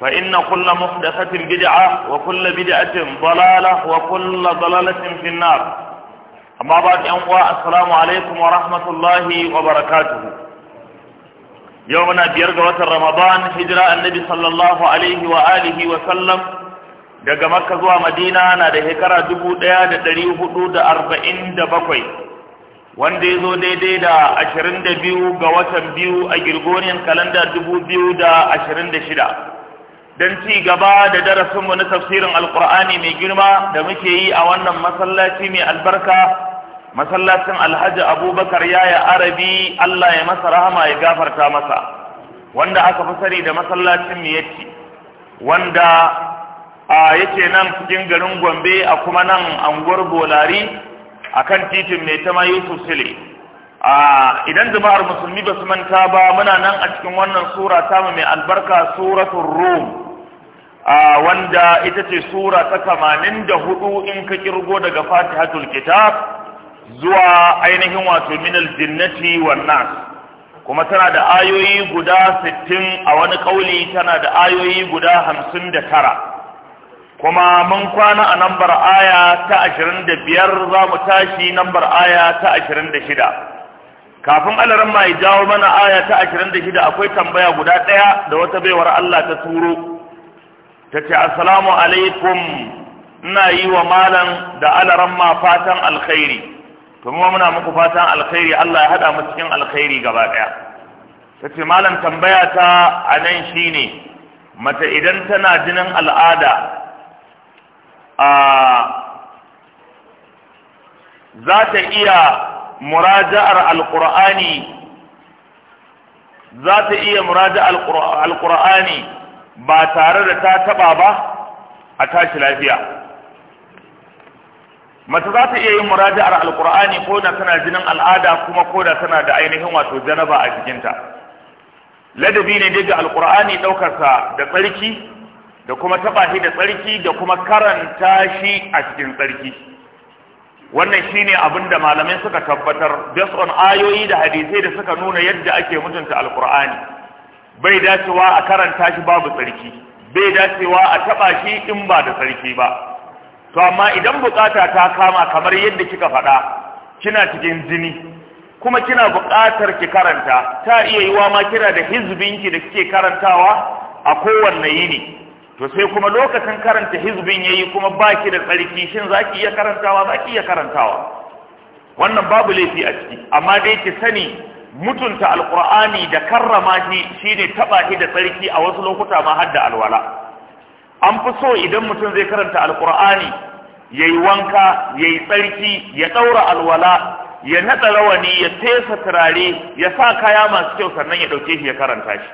فإن كل محدثة بدعة وكل بدعة ضلالة وكل ضلالة في النار أما بعد أنواع السلام عليكم ورحمة الله وبركاته يومنا بيرجع رمضان هجرة النبي صلى الله عليه وآله وسلم daga Makka zuwa Madina na da shekara 1447 wanda ya zo daidai da 22 ga watan biyu a Girgoriyan kalanda 2026 don ci gaba da darasinmu na tafsirin alkur'ani mai girma da muke yi a wannan masallaci mai albarka masallacin alhaji abubakar yaya arabi allah ya masa rahama ya gafarta masa wanda aka fi sani da masallacin miyatti wanda a yake nan cikin garin gombe a kuma nan anguwar bolari a kan titin mai tama yusuf sile idan jama'ar musulmi ba su manta ba muna nan a cikin wannan sura mu mai albarka suratul rum wanda ita ce sura ta kamanin da hudu in ka kirgo daga fatihatul kitab zuwa ainihin wato minal jinnati wan nas kuma tana da ayoyi guda 60 a wani kauli tana da ayoyi guda 59 kuma mun kwana a nambar aya ta 25 za mu tashi nambar aya ta 26 kafin alaran mai jawo mana aya ta 26 akwai tambaya guda ɗaya da wata baiwar Allah ta turo ta ce assalamu alaikum ina yi wa malam da alaran ma fatan alkhairi to mu muna muku fatan alkhairi Allah ya hada mu cikin alkhairi gaba daya ta ce malam tambaya ta a nan shine mata idan tana jinin al'ada a za ta iya muraja'ar alqur'ani za ta iya muraja'ar alqur'ani ba tare da ta taba ba a tashi lafiya mace za ta iya yin muraja'ar alkur'ani ko da tana jinin al'ada kuma ko da tana da ainihin wato janaba a jikinta ladabi ne daga alkur'ani ɗaukarsa da tsarki da kuma taba shi da tsarki da kuma karanta shi a cikin tsarki wannan shine abinda da malamai suka tabbatar based on ayoyi da hadisai da suka nuna yadda ake mutunta alkur'ani bai dacewa a karanta shi babu tsarki bai dacewa a taba shi in ba da tsarki ba to amma idan bukata ta kama kamar yadda kika faɗa kina cikin jini kuma kina buƙatar ki karanta ta iya yiwa ma kina da hizbinki da kike karantawa a kowanne yini to sai kuma lokacin karanta hizbin yayi kuma baki da tsarki shin zaki iya karantawa zaki iya karantawa wannan babu laifi a ciki amma dai ki sani mutunta alqur'ani da karrama shi shine taba shi da tsarki a wasu lokuta ma har da alwala an fi so idan mutum zai karanta alqur'ani yayi wanka yayi tsarki ya daura alwala ya naɗa rawani ya fesa turare ya sa kaya masu kyau sannan ya ɗauke shi ya karanta shi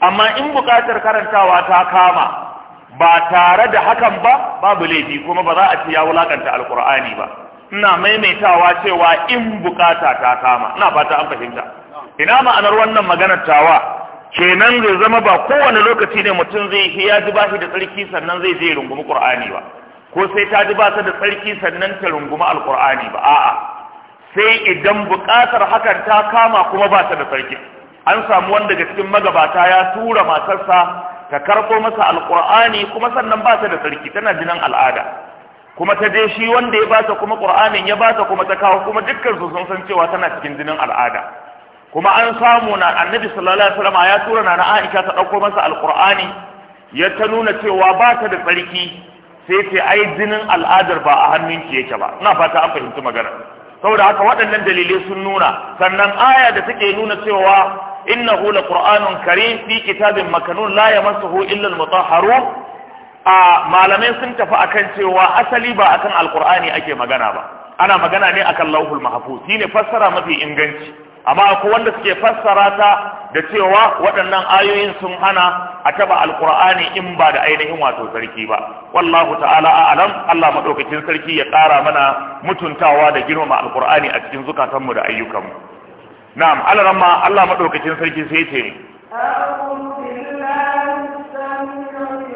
amma in buƙatar karantawa ta kama ba tare da hakan ba babu laifi kuma ba za a ce ya wulaƙanta alkur'ani ba ina maimaitawa cewa in bukata ta kama ina fata an fahimta ina ma'anar wannan maganar tawa kenan zai zama ba kowane lokaci ne mutum zai yi ya ji bashi da tsarki sannan zai je rungumi qur'ani ba ko sai ta ji basa da tsarki sannan ta rungumi alqur'ani ba a'a sai idan bukatar hakan ta kama kuma ba ta da tsarki an samu wanda daga cikin magabata ya tura matarsa ta karɓo masa alqur'ani kuma sannan ba ta da tsarki tana jinan al'ada kuma ta je shi wanda ya bata kuma qur'anin ya bata kuma ta kawo kuma dukkan su sun san cewa tana cikin jinin al'ada kuma an samu na annabi sallallahu alaihi wasallam ya tura na Aisha ta dauko masa alqur'ani ya ta nuna cewa ba ta da tsarki sai ce ai jinin al'adar ba a hannunki yake ba ina fata an fahimci magana saboda haka waɗannan dalilai sun nuna sannan aya da take nuna cewa innahu laqur'anun karim fi kitabin makanun la yamassuhu illa al a malamai sun tafi akan cewa asali ba akan alkur'ani ake magana ba ana magana ne akan lauhul mahfuz shine fassara mafi inganci amma akwai wanda suke fassara ta da cewa waɗannan ayoyin sun hana a taba alkur'ani in ba da ainihin wato sarki ba wallahu ta'ala a'lam Allah madaukakin sarki ya ƙara mana mutuntawa da girmama alkur'ani a cikin zukatanmu da ayyukanmu na'am alaramma Allah madaukakin sarki sai ce أعوذ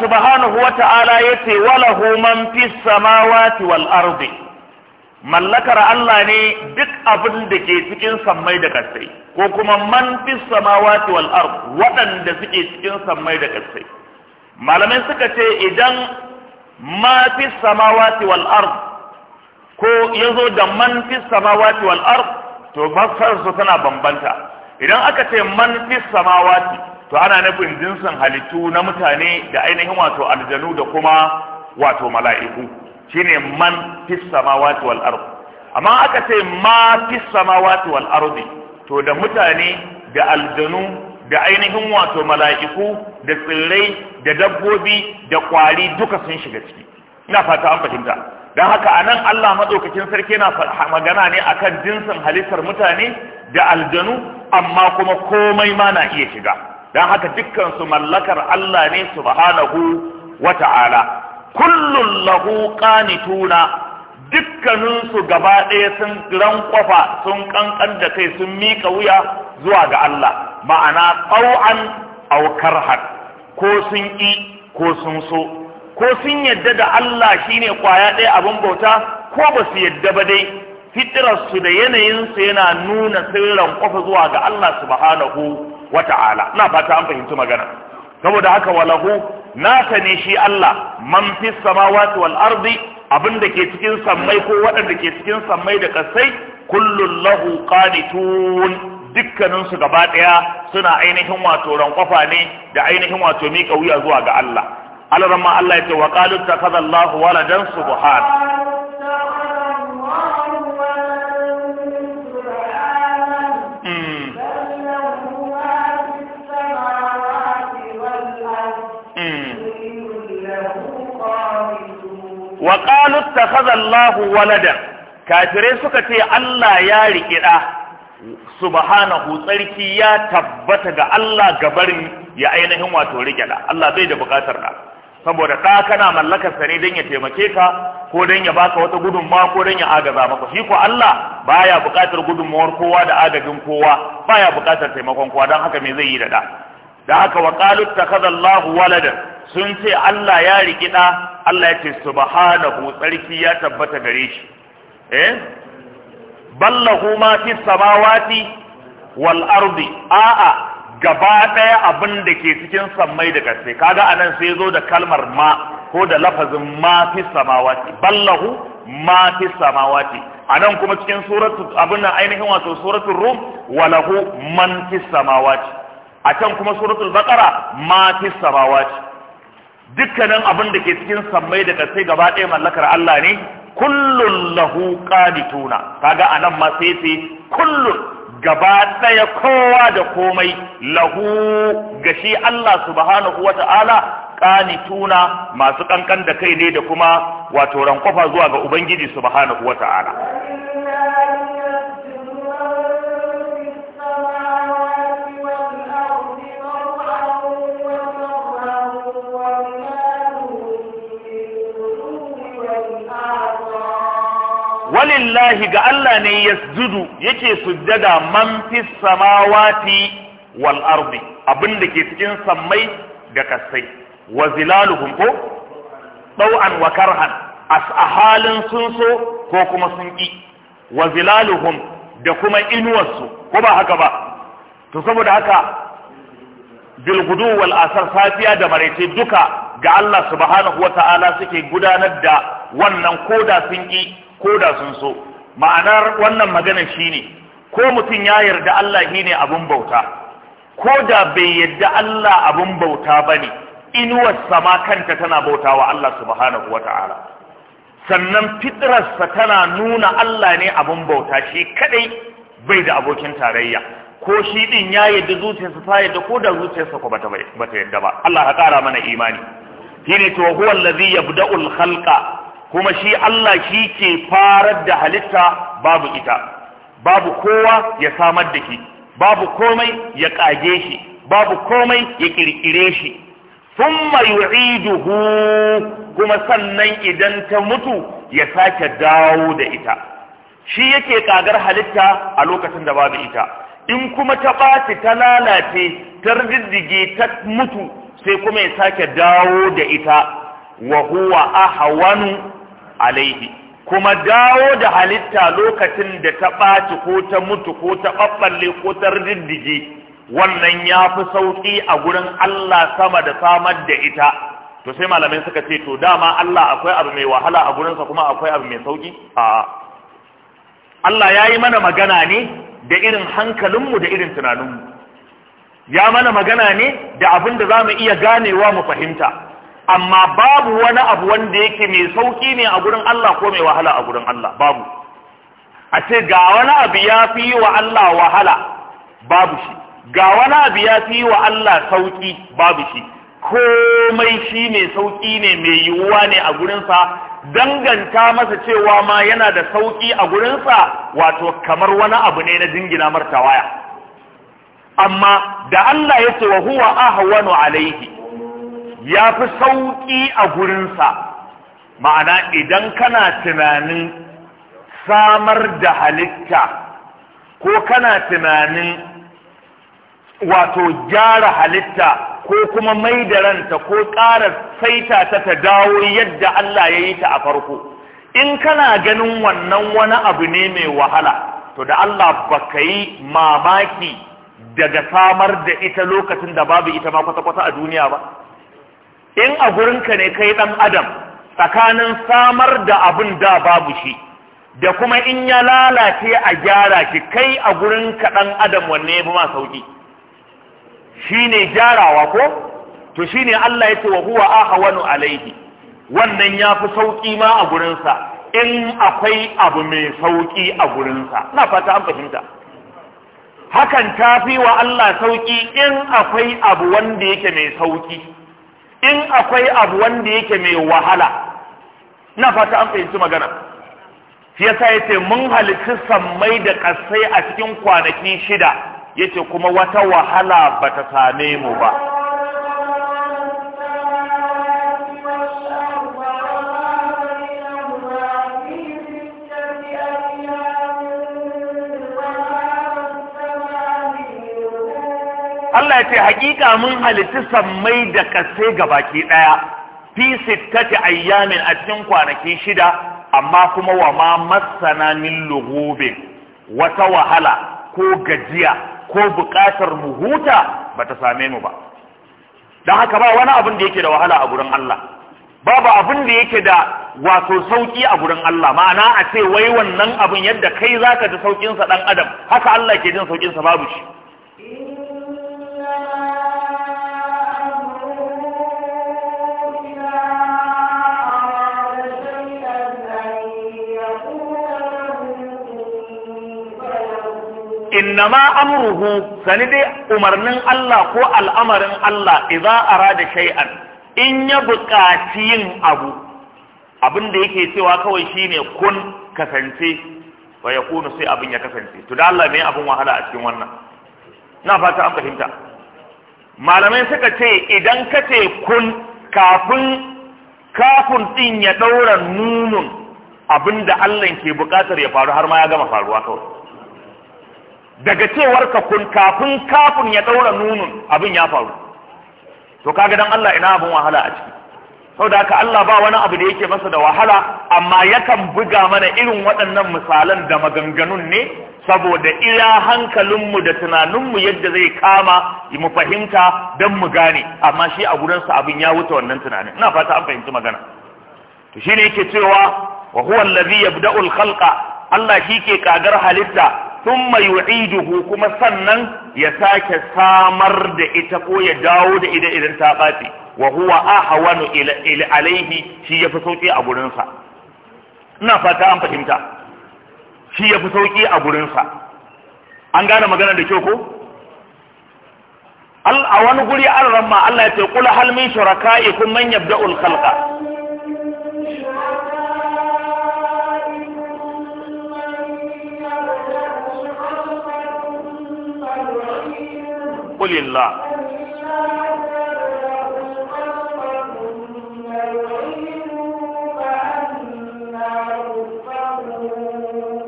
subhanahu wa ta'ala ya ce walahu man fi samawati wal ardi mallakar Allah ne duk abin da ke cikin sammai da kasai ko kuma man fi samawati wal ardi waɗanda suke cikin sammai da kasai malamai suka ce idan ma fi samawati wal ardi ko yazo da man fi samawati wal ardi to su tana bambanta idan aka ce man fi samawati to ana nufin jinsin halittu na mutane da ainihin wato aljanu da kuma wato mala'iku shine man fis samawati wal ard amma aka ce ma fis samawati wal ardi to da mutane da aljanu da ainihin wato mala'iku da tsirrai da dabbobi da kwari duka sun shiga ciki ina fata an fahimta don haka anan Allah madaukakin sarki yana magana ne akan jinsin halittar mutane da aljanu amma kuma komai ma na iya shiga dan haka dukkansu mallakar Allah ne subhanahu wata'ala kullum lahu qanituna dukkanin su gaba ɗaya sun kwafa sun kankan da kai sun miƙa wuya zuwa ga Allah ma'ana tau'an aw har ko sun ƙi ko sun so ko sun yadda da Allah shine kwaya ɗaya abin bauta ko ba su yadda ba dai fitirarsu da yanayinsu yana nuna sirran kwafa zuwa ga Allah subhanahu wa ta'ala ina fata an fahimci magana saboda haka walahu naka ne shi Allah man fi samawati wal ardi abinda ke cikin sammai ko waɗanda ke cikin sammai da kasai kullun lahu qanitun dukkaninsu gaba ɗaya suna ainihin wato rankwafa ne da ainihin wato miƙa wuya zuwa ga Allah Allah ma Allah ya ce wa qalu takhadha Allahu waladan subhan wa qalu takhadallahu walada kafirai suka ce Allah ya riƙi ɗa subhanahu tsarki ya tabbata ga Allah gabarin ya ainihin wato riƙe ɗa Allah bai da buƙatar ɗa saboda ɗa kana mallakar ne don ya taimake ka ko don ya baka wata gudunmawa ko don ya agaza maka shi ko Allah baya buƙatar gudunmawar kowa da agajin kowa baya buƙatar taimakon kowa don haka me zai yi da ɗa da haka wa qalu Allahu walada sun ce Allah ya rikiɗa. Allah ya ce subhanahu tsarki ya tabbata gare shi eh ballahu ma fi samawati wal ardi a'a gaba daya abin da ke cikin samai da ƙasa kaga anan sai zo da kalmar ma ko da lafazin ma fi samawati ballahu ma fi samawati anan kuma cikin suratu abin nan ainihin wato suratul rum walahu man fi samawati a can kuma suratul baqara ma fi samawati dukkanin abin da ke cikin sammai da sai gaba ɗaya mallakar Allah ne kullun lahu qanituna kaga anan ma sai sai kullun gaba ɗaya kowa da komai lahu gashi Allah subhanahu wata'ala qanituna masu kankan da kai ne da kuma wato rankofa zuwa ga ubangiji subhanahu wata'ala walillahi ga Allah ne yasjudu yake sujjada man fis samawati wal ardi abinda ke cikin sammai da kasai wa zilaluhum ko dau'an wa karhan as ahalin sun so ko kuma sun ki wa zilaluhum da kuma inuwarsu ko ba haka ba to saboda haka bilgudu wal asar safiya da maraice duka ga Allah subhanahu wa ta'ala suke gudanar da wannan koda sun ki ko da sun so ma'anar wannan magana shine ko mutum ya yarda Allah shine abun bauta ko da bai yarda Allah abun bauta bane inuwar sama kanta tana bautawa Allah subhanahu wata'ala sannan fitrarsa tana nuna Allah ne abun bauta shi kadai bai da abokin tarayya ko shi din ya yadda zuciyarsa ta yarda ko da zuciyarsa ko bata bata yadda ba Allah ya kara mana imani shine to huwa allazi yabda'ul khalqa kuma shi Allah shi ke farar da halitta babu ita babu kowa ya samar da shi babu komai ya kage shi babu komai ya ƙirƙire shi thumma yu'iduhu kuma sannan idan ta mutu ya sake dawo da ita shi yake kagar halitta a lokacin da babu ita in kuma ta ɓaci ta lalace ta riddige ta mutu sai kuma ya sake dawo da ita wa huwa ahwanu alaihi kuma dawo da halitta lokacin da ta ɓaci ko ta mutu ko ta ɓaɓɓalle ko ta riddige wannan ya fi sauƙi a gurin Allah sama da samar da ita to sai malamai suka ce to dama Allah akwai abu mai wahala a gurinsa kuma akwai abu mai sauƙi a Allah ya yi mana magana ne da irin hankalinmu da irin tunaninmu ya mana magana ne da abin da za mu iya ganewa mu fahimta amma babu wani abu wanda yake mai sauki ne a gurin Allah ko mai wahala a gurin Allah babu a ce ga wani abu ya fi wa Allah wahala babu shi ga wani abu ya fi wa Allah sauki babu shi komai shi mai sauki ne mai yiwuwa ne a gurinsa danganta masa cewa ma yana da sauki a gurinsa wato kamar wani abu ne na jingina martawaya amma da Allah ya ce wa huwa ahwanu alaihi ya fi sauƙi a gurinsa ma'ana idan kana tunanin samar da halitta ko kana tunanin wato gyara halitta ko kuma mai da ranta ko ƙara saita ta ta dawo yadda Allah ya yi ta a farko in kana ganin wannan wani abu ne mai wahala to da Allah baka yi mamaki daga samar da ita lokacin da babu ita ma kwata-kwata a duniya ba in a gurinka ne kai ɗan adam tsakanin samar da abin da babu shi da kuma in ya lalace a gyara shi kai a gurinka ɗan adam wanne ya fi ma sauƙi shi ne gyarawa ko to shi ne Allah ya ce wa huwa ahawanu alaihi wannan ya fi sauƙi ma a gurinsa in akwai abu mai sauƙi a gurinsa na fata an fahimta hakan ta fi wa Allah sauƙi in akwai abu wanda yake mai sauƙi in akwai abu wanda yake mai wahala na fata an fahimci magana shi yasa yace mun halitta sammai da kasai a cikin kwanaki shida yace kuma wata wahala bata same mu ba Allah ya ce hakika mun halitti sammai da kasai gabaki daya fi sittati ayyamin a cikin kwanaki shida amma kuma wa ma masana min wata wahala ko gajiya ko buƙatar mu huta bata same mu ba don haka ba wani abin da yake da wahala a gurin Allah babu abin da yake da wato sauƙi a gurin Allah ma'ana a ce wai wannan abin yadda kai zaka ji sauƙinsa sa dan adam haka Allah ke jin sauƙinsa babu shi innama amruhu sani dai umarnin Allah ko al'amarin Allah ra da shay'an in ya buƙaci yin abu abin da yake cewa kawai shine kun kasance ba ya yakunu sai abin ya kasance to da Allah me abin wahala a cikin wannan na fata an fahimta malamai suka ce idan ka ce kun kafin kafin din ya ɗaura nunun abinda Allah ke buƙatar ya faru har ma ya gama faruwa kawai daga cewar ka kun kafin kafin ya daura nunun abin ya faru to kaga dan Allah ina abin wahala a ciki saboda haka Allah ba wani abu da yake masa da wahala amma yakan buga mana irin waɗannan misalan da maganganun ne saboda iya hankalinmu da tunaninmu yadda zai kama mu fahimta don mu gane amma shi a gurinsa abin ya wuce wannan tunanin ina fata an fahimci magana to shi ne yake cewa wa huwa allazi yabda'u al-khalqa Allah shi ke kagar halitta thumma yu'iduhu kuma sannan ya sake samar da ita ko ya dawo da ita idan ta bace wa huwa ahwanu ila alaihi shi fi sauki a gurinsa ina fata an fahimta shi ya fi sauƙi a gurinsa an gane magana da kyau ko a wani guri an ramma Allah ya ce kula halmin shuraka'ikum man yabda ulkalka qulillah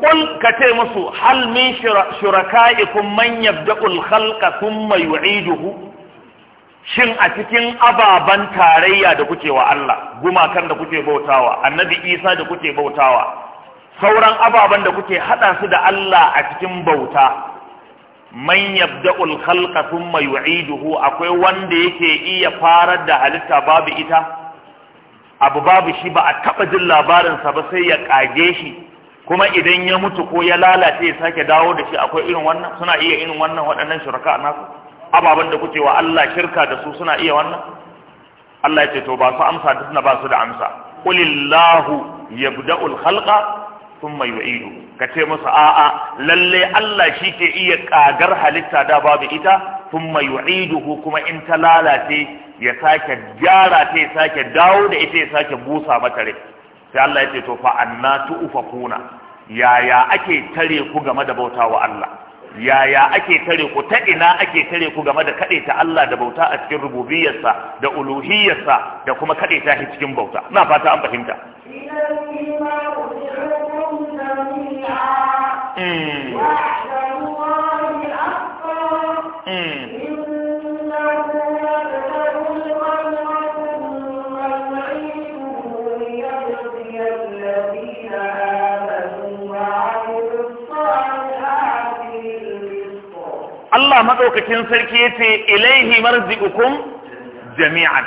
kul ka ce musu hal min shuraka'ikum man yabda'ul khalqa thumma yu'iduhu shin a cikin ababan tarayya da kuke wa Allah gumakan da kuke bautawa annabi Isa da kuke bautawa sauran ababan da kuke hada su da Allah a cikin bauta man yabda'ul khalqa thumma yu'iduhu akwai wanda yake iya farar da halitta babu ita abu babu shi ba a taba jin labarin sa ba sai ya kage shi kuma idan ya mutu ko ya lalace ya sake dawo da shi akwai irin wannan suna iya irin wannan waɗannan shirka a nasu ababen da kuke wa Allah shirka da su suna iya wannan Allah ya ce to ba su amsa da suna ba su da amsa Ulillahu qulillahu yabda'ul khalqa thumma yu'idu ka ce musu a'a lalle Allah shi ke iya ƙagar halitta da babu ita thumma yu'iduhu kuma in ta lalace ya sake gyara ta ya sake dawo da ita ya sake busa mata rai sai Allah ya ce to fa anna tu'fakuna yaya ake tare ku game da bauta wa Allah yaya ake tare ku ta ina ake tare ku game da kade ta Allah da bauta a cikin rububiyarsa da uluhiyarsa da kuma kade ta cikin bauta ina fata an fahimta Mm. mm. Allah madaukakin sarki ya ce ilaihi marji'ukum jami'an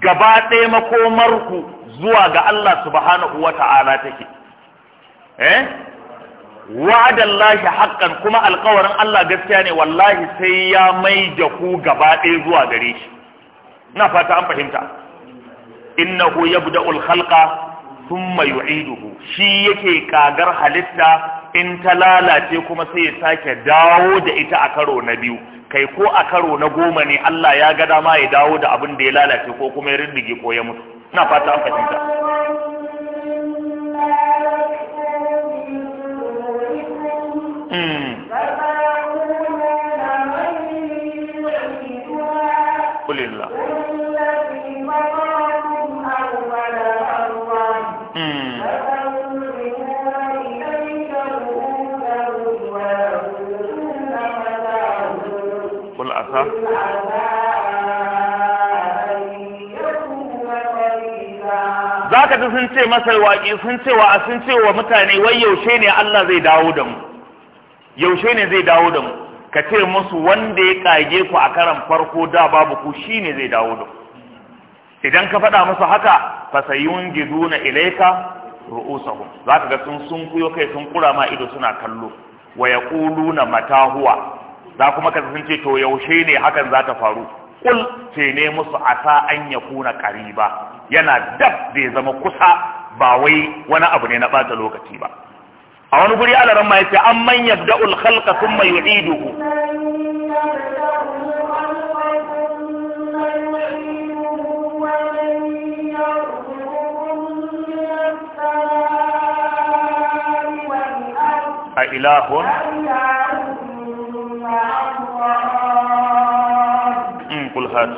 gaba ɗaya makomarku zuwa ga Allah subhanahu ta'ala take eh wa'adallahi haƙƙan kuma alƙawarin Allah gaskiya ne wallahi sai ya mai da ku gaba ɗaya zuwa gare shi ina fata an fahimta innahu yabda'ul tun mai yu'iduhu shi yake kagar halitta in ta lalace kuma sai ya sake dawo da ita a karo na biyu kai ko a karo na goma ne Allah ya ga dama ya dawo da abin da ya lalace ko kuma ya rindige ko ya mutu ina fata an fahimta mm. za zaka ji sun ce masar waƙi sun ce wa sun ce wa mutane wai yaushe ne Allah zai dawo da mu yaushe ne zai dawo da mu ka ce musu wanda ya kage ku a karan farko da babu ku ne zai dawo da mu idan ka faɗa musu haka fasayun na ilaika za ka ga sun sun kuyo kai sun kura ma ido suna kallo wa ƙulu na matahuwa. za kuma ka sun to yaushe ne hakan za ta faru kul ce ne musu asa an ya kuna kariba yana dab da ya zama kusa ba wai wani abu ne na bata lokaci ba a wani guri alaran ma ce an manya man sun mai yi yu'iduhu a ilahun an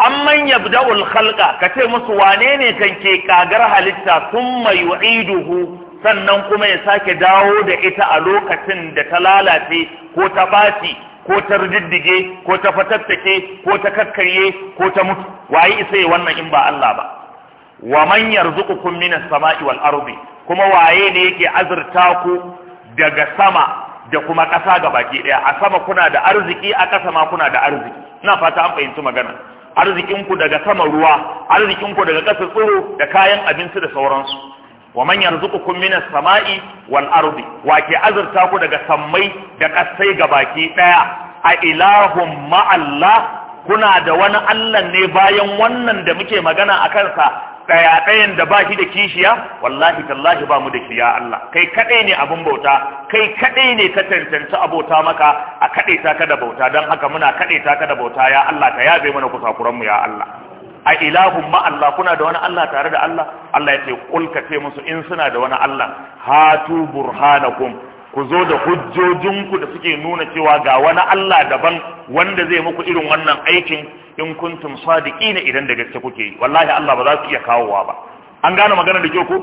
amman yabda'ul khalqa kace musu wane ne kan ke kagar halitta thumma yu'iduhu sannan kuma ya sake dawo da ita a lokacin da ta lalace ko ta baci ko ta riddige ko ta fatattake ko ta kakkarye ko ta mutu waye isa yi wannan in ba Allah ba wa man yarzuqukum minas sama'i wal ardi kuma waye ne yake azurta ku daga sama da kuma ƙasa ga baki ɗaya a sama kuna da arziki a ƙasa ma kuna da arziki ina fata an fahimci magana arzikinku daga sama ruwa arzikinku daga ƙasa tsoro, da kayan abinci da sauransu wa man yarzuqukum minas sama'i wal ardi wa ke azurta ku daga sammai da ƙasai ga baki ɗaya a ilahun ma'allah kuna da wani Allah ne bayan wannan da muke magana a kansa daya dayan da ba shi da kishiya wallahi tallahi ba mu da kiya Allah kai kadai ne abin bauta kai kadai ne ka tantance abota maka a kadai ta ka da bauta don haka muna kadai ta ka bauta ya Allah ka yabe mana kusa, mu ya Allah a ilahun ma Allah kuna da wani Allah tare da Allah Allah ya ce kulka ce musu in suna da wani Allah hatu burhanakum ku zo da hujjojinku da suke nuna cewa ga wani Allah daban wanda zai muku irin wannan aikin in kuntum sadiqina idan da gaske kuke yi wallahi Allah ba za su iya kawowa ba an gane magana da ke ku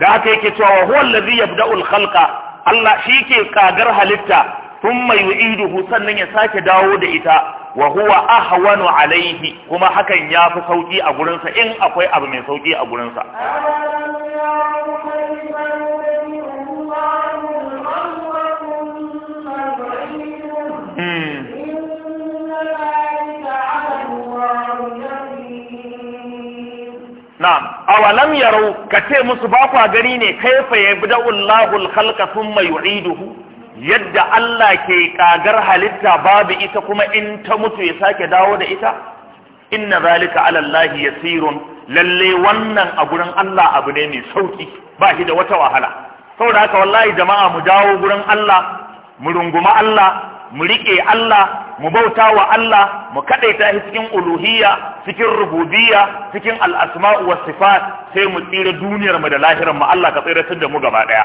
da haka yake cewa wa huwa allazi yabda'ul khalqa Allah shi ke kagar halitta thumma yu'iduhu sannan ya sake dawo da ita wa huwa ahwanu alaihi kuma hakan ya fi sauki a gurinsa in akwai abu mai sauki a gurinsa Na'am, awalam yarau ka ce musu ba kwa gani ne kai fa ya bi da'ullahu al mai thumma yu'iduhu yadda Allah ke kagar halitta babu ita kuma in ta mutu ya sake dawo da ita inna zalika ala ya yasirun lalle wannan a gurin Allah abu ne mai sauki ba shi da wata wahala sau da haka wallahi jama'a mu dawo gurin Allah mu runguma Allah mu riƙe Allah mu bauta wa Allah mu kaɗaita shi cikin uluhiyya cikin rububiyya cikin al'asma'u was sifat sai mu tsira duniyar mu da lahirar mu Allah ka tsiratar da mu gaba ɗaya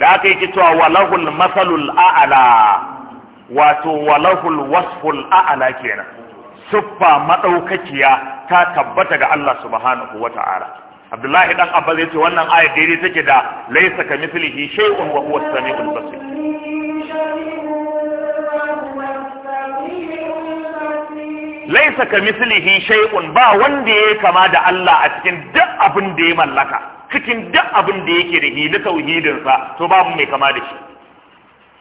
da aka yi cewa walahul masalul a'ala wato walahul wasful a'ala kenan siffa madaukakiya ta tabbata ga Allah subhanahu wata'ala Abdullahi dan Abba zai ce wannan ayat daidai take da laysa kamithlihi shay'un wa huwa as-sami'ul basir laisa ka mislihi shay'un ba wanda ya kama da Allah a cikin duk abin da ya mallaka cikin duk abin da yake da hidin tauhidin sa to babu mai kama da shi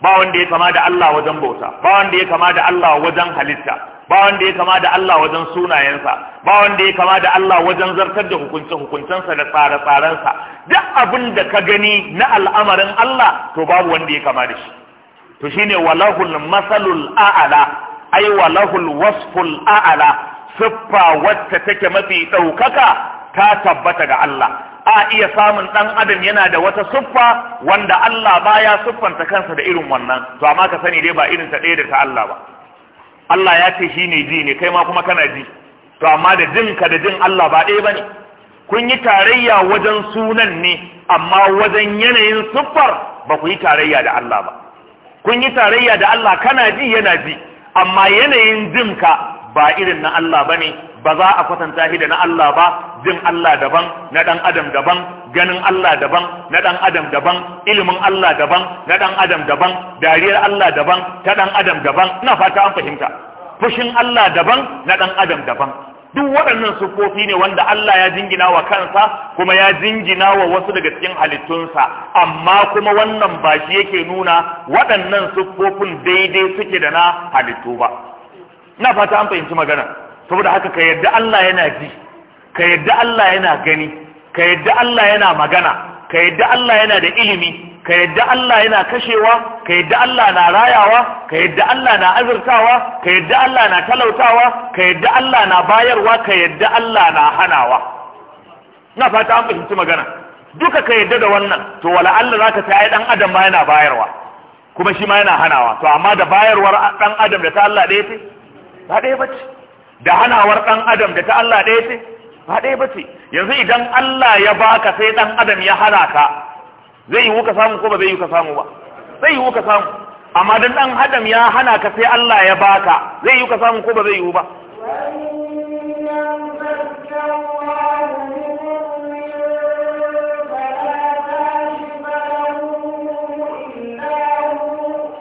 ba wanda ya kama da Allah wajen bauta ba wanda ya kama da Allah wajen halitta ba wanda ya kama da Allah wajen sunayensa ba wanda ya kama da Allah wajen zartar da hukuncin sa da tsare-tsarensa duk abin da ka gani na al'amarin Allah to babu wanda ya kama da shi to shine walahul masalul a'ala ai wa lahul wasful a'ala siffa wacce take mafi ɗaukaka ta tabbata ga Allah a iya samun ɗan adam yana da wata siffa wanda Allah baya siffanta kansa da irin wannan to amma ka sani dai ba irin ta ɗaya da ta Allah ba Allah ya ce shine ji ne kai ma kuma kana ji to amma da jin ka da jin Allah ba ɗaya bane kun yi tarayya wajen sunan ne amma wajen yanayin siffar ba ku yi tarayya da Allah ba kun yi tarayya da Allah kana ji yana ji amma yanayin jin ka ba irin na Allah ba ne ba za a kwatanta shi da na Allah ba jin Allah daban na dan adam daban ganin Allah daban na dan adam daban ilimin Allah daban na dan adam daban dariyar Allah daban ta ɗan adam daban ina fata an fahimta fushin Allah daban na dan adam daban duk waɗannan sufofi ne wanda Allah ya jingina wa kansa kuma ya jingina wa wasu daga cikin halittunsa amma kuma wannan ba shi yake nuna waɗannan sufofin daidai suke da na halittu ba na fata an fahimci magana saboda haka ka yadda Allah yana ji ka yadda Allah yana gani ka yadda Allah yana magana ka yadda Allah yana da ilimi ka yadda Allah yana kashewa ka yadda Allah na rayawa ka yadda Allah na azurtawa ka yadda Allah na talautawa ka yadda Allah na bayarwa ka yadda Allah na hanawa na fata an fahimci magana duka ka yadda da wannan to wala Allah zaka ta ai dan adam ma yana bayarwa kuma shi ma yana hanawa to amma da bayarwar dan adam da ta Allah daya ce ba daya bace da hanawar dan adam da ta Allah daya ce ba daya bace yanzu idan Allah ya baka sai dan adam ya hana ka zai yiwu ka samu ko ba zai yiwu ka samu ba zai yiwu ka samu amma dan dan adam ya hana ka sai Allah ya baka zai yiwu ka samu ko ba zai yiwu ba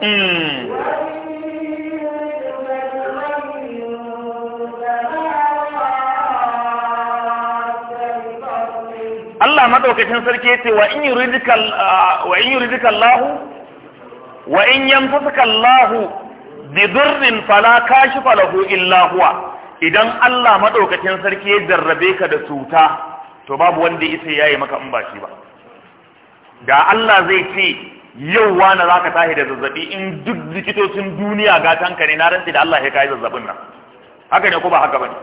Mm. Allah madaukakin sarki yace wa in yuridika uh, wa in yi wa in yamsaka bi fala kashifa lahu illa huwa idan Allah madaukakin sarki ya jarrabe ka da cuta to babu wanda isa yayi maka in ba ba da Allah zai ce yau wani zaka tahi da zazzabi in duk likitocin duniya gatanka ne na rantsi da Allah ya kai zazzabin nan haka ne ko ba haka bane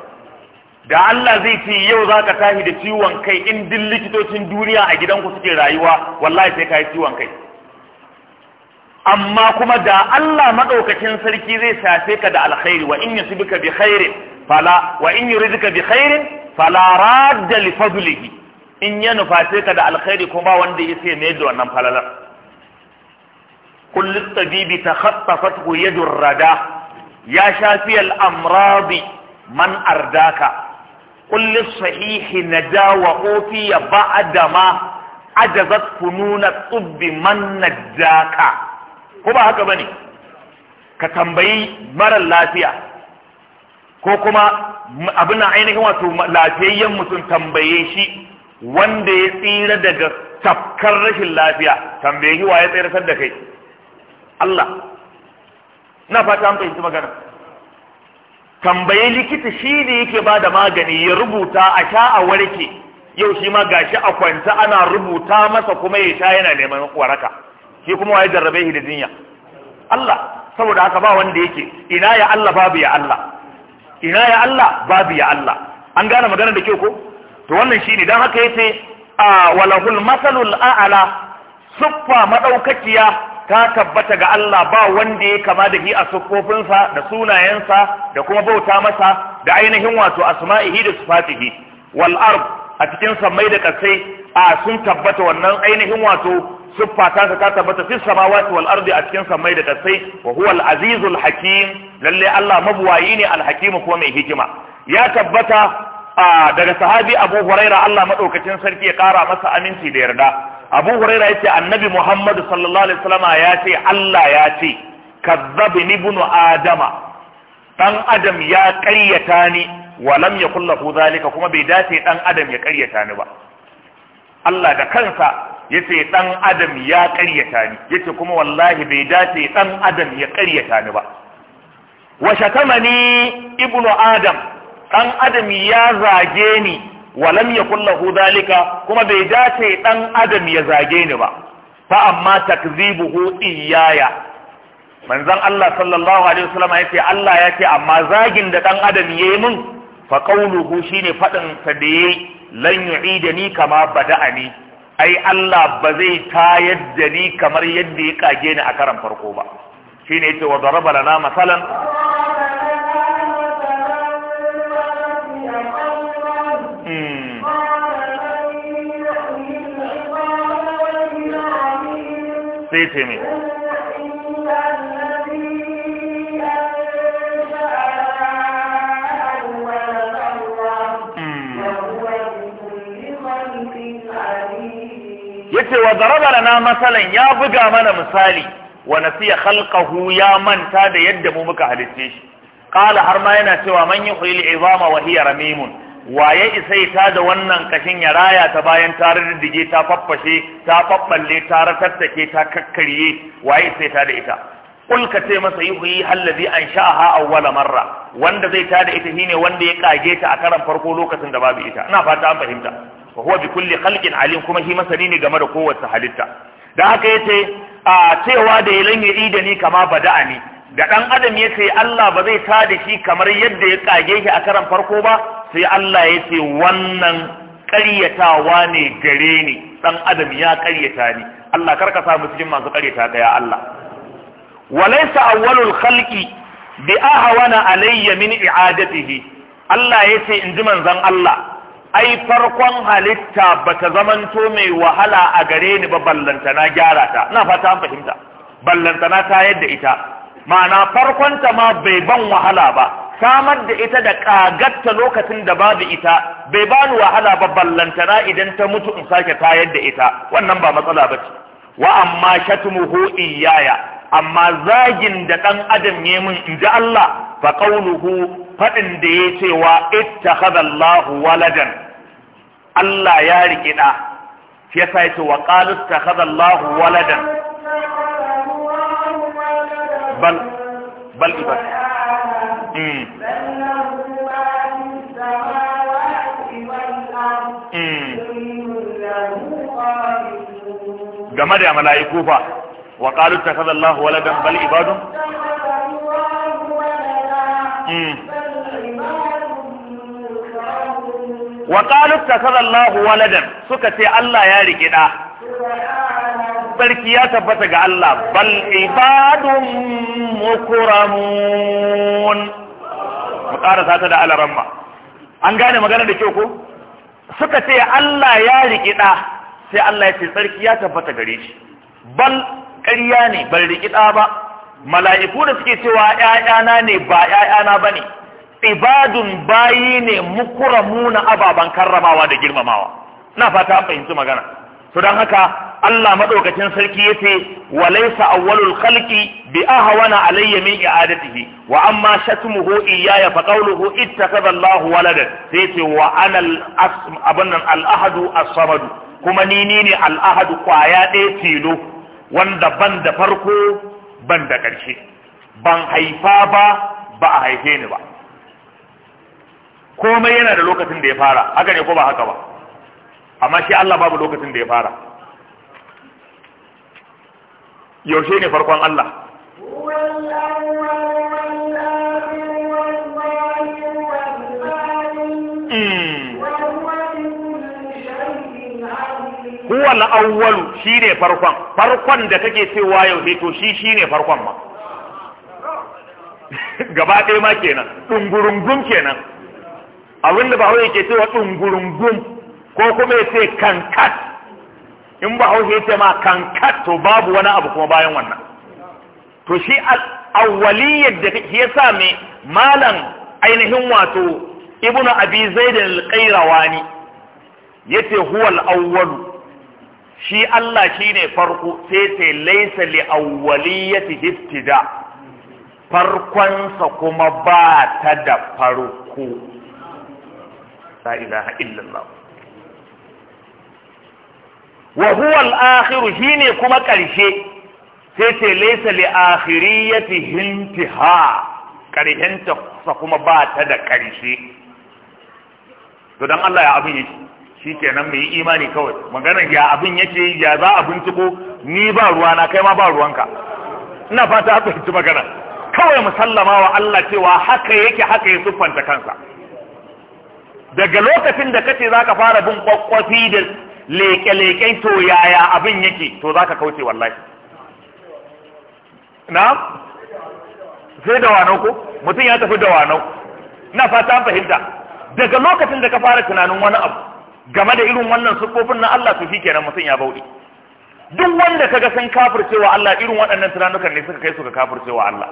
da Allah zai ce yau za ka tashi da ciwon kai in din likitocin duniya a gidanku suke rayuwa wallahi sai ka yi ciwon kai amma kuma da Allah madaukakin sarki zai shafe ka da alkhairi wa in yusibka bi khairin fala wa in yuridka bi khairin fala radda li fadlihi in ya nuface ka da alkhairi kuma wanda yace me da wannan falalar kullu tabibi takhattafatu yadur rada ya shafi al-amradi man ardaka kulli sahihi najawa ofiya ba'da ma ajazat fununa tsubbi man najaka ko ba haka bane ka tambayi marar lafiya ko kuma abin ainihin wato lafiyayyen mutum tambaye shi wanda ya tsira daga tafkar rashin lafiya tambaye shi wa ya tsiratar da kai Allah ina fata an fahimci magana tambayi likita shi ne yake ba da magani ya rubuta a sha a warke yau shi ma gashi a kwanta ana rubuta masa kuma ya sha yana neman waraka shi kuma waye jarrabe shi da jinya Allah saboda haka ba wanda yake ina ya Allah babu ya Allah ina ya Allah babu ya Allah an gane magana da kyau ko to wannan shi ne don haka yace a ah, walahul masalul a'ala suffa madaukakiya ta tabbata ga Allah ba wanda ya kama da hi a sufofinsa da sunayensa da kuma bauta masa da ainihin wato asma'ihi da sifatihi wal ard a cikin sammai da kasai a sun tabbata wannan ainihin wato siffa ta ta tabbata fi samawati wal ardi a cikin sammai da kasai wa huwa al azizul hakim lalle Allah mabuwayi ne al hakim kuma mai hikima ya tabbata daga sahabi Abu Huraira Allah madaukakin sarki ya kara masa aminci da yarda abu huraira yace annabi muhammadu sallallahu alaihi wasallama ya ce allah ya ce kazzabi bunu adama dan adam ya karyata ni wa lam yakul lahu zalika kuma bai dace dan adam ya ƙaryata ni ba Allah da kansa yace dan adam ya ƙaryata ni yace kuma wallahi bai dace dan adam ya ƙaryata ni ba wa shatamani ibnu adam dan adam ya zage ni walam yakul lahu zalika kuma bai dace dan adam ya zage ni ba fa amma takzibuhu iyaya manzon Allah sallallahu alaihi wasallam yace Allah yace amma zagin da dan adam yayi min fa qawluhu shine fadin sa da yayi lan yu'idani kama ni. ai Allah ba zai tayar da ni kamar yadda ya kage ni a karan farko ba shine yace wa daraba lana masalan sai ce mai yace wa daraba lana masalan ya buga mana misali wa nasiya khalqahu ya manta da yadda mu muka halicce shi qala har ma yana cewa man yuhyil izama wa hiya ramimun waye isa ita da wannan kashin ya raya ta bayan ta riddige ta faffashe ta faffalle ta ratattake ta kakkarye waye isa ta da ita kul ka ce masa ansha allazi ansha'aha awwala marra wanda zai ta da ita shine wanda ya kage ta a karan farko lokacin da babu ita ina fata an fahimta wa huwa bi kulli khalqin alim kuma shi masani ne game da kowace halitta da haka yace a cewa da yalan ya idani kama bada'a ne. da ɗan adam ya ce Allah ba zai ta da shi kamar yadda ya kage shi a karan farko ba sai Allah ya ce wannan ƙaryatawa ne gare ni ɗan adam ya ƙaryata ni Allah karka sa mu masu ƙaryata ya Allah walaysa awwalul khalqi bi ahwana alayya min i'adatihi Allah ya ce in ji manzon Allah ai farkon halitta bata zamanto mai wahala a gare ni ba ballantana gyara ta ina fata an fahimta ballantana ta yadda ita ma'ana farkonta ma bai ban wahala ba samar da ita da kagatta lokacin da babu ita bai bani wahala ba ballantana idan ta mutu in sake tayar da ita wannan ba matsala ba ce wa amma shatmuhu iyaya amma zagin da dan adam ya min in ji Allah fa qawluhu fadin da ya cewa ittakhadha Allah waladan Allah ya rike da shi yasa yace wa qalu ittakhadha Allah waladan bal bal ibad mm fa wa qalu takhadha waladan bal ibadun hmm. wa qalu takhadha suka ce Allah ya rike tsarki ya tabbata ga Allah bal ibadun mukramun mu karasa ta da alaramma an gane magana da kyau ko suka ce Allah ya rikida sai Allah ya ce tsarki ya tabbata gare shi bal ƙarya ne bal rikida ba mala'iku da suke cewa ‘ya'yana ne ba ‘ya'yana bane ibadun bayi ne mukuramuna ababen karramawa da girmamawa na fata an fahimci magana to don haka Allah madaukakin sarki yace walaysa awwalul khalqi bi ahwana alayya min i'adatihi wa amma shatmuhu iyaya fa qawluhu ittakhadha Allahu waladan sai yace wa ana al-asm abannan al-ahadu as-samad kuma ni ni ne al-ahadu kwaya ɗaya tilo wanda ban da farko ban da ƙarshe ban haifa ba ba a haife ni ba komai yana da lokacin da ya fara haka ne ko ba haka ba amma shi Allah babu lokacin da ya fara yaushe ne farkon Allah huwa al-awwalu shine farkon farkon da kake cewa yau sai to shi shine farkon ma gaba ɗaya ma kenan ɗungurungun kenan abinda ba wai yake cewa ɗungurungun. ko kuma ya ce kankat in ba haushe ya ce ma kankat to babu wani abu kuma bayan wannan to shi yadda da ya sa mai malam ainihin wato ibnu abi zaidan al-qayrawani yace huwal awwalu shi Allah shine farko sai ce laysa li awwaliyati ibtida farkon sa kuma ba ta da farko la ilaha illallah wa huwa al-akhiru shine kuma karshe sai ce laysa li akhiriyati intiha karshen ta kuma ba ta da karshe to dan Allah ya abin yake shikenan mai imani kawai maganar ya abin yake ya za a binciko ni ba ruwa na kai ma ba ruwanka ina fata haka fahimci magana kawai musallama wa Allah cewa haka yake haka ya siffanta kansa daga lokacin da kace zaka fara bin kwakwafi da leke-leken to yaya abin yake to za ka kauce wallahi na sai da wano ko mutum ya tafi da wano na fata fahimta daga lokacin da ka fara tunanin wani abu game da irin wannan sukofin na Allah to kenan mutum ya bauɗi. duk wanda kaga sun kafircewa Allah irin waɗannan tunanukan ne suka kai suka kafircewa Allah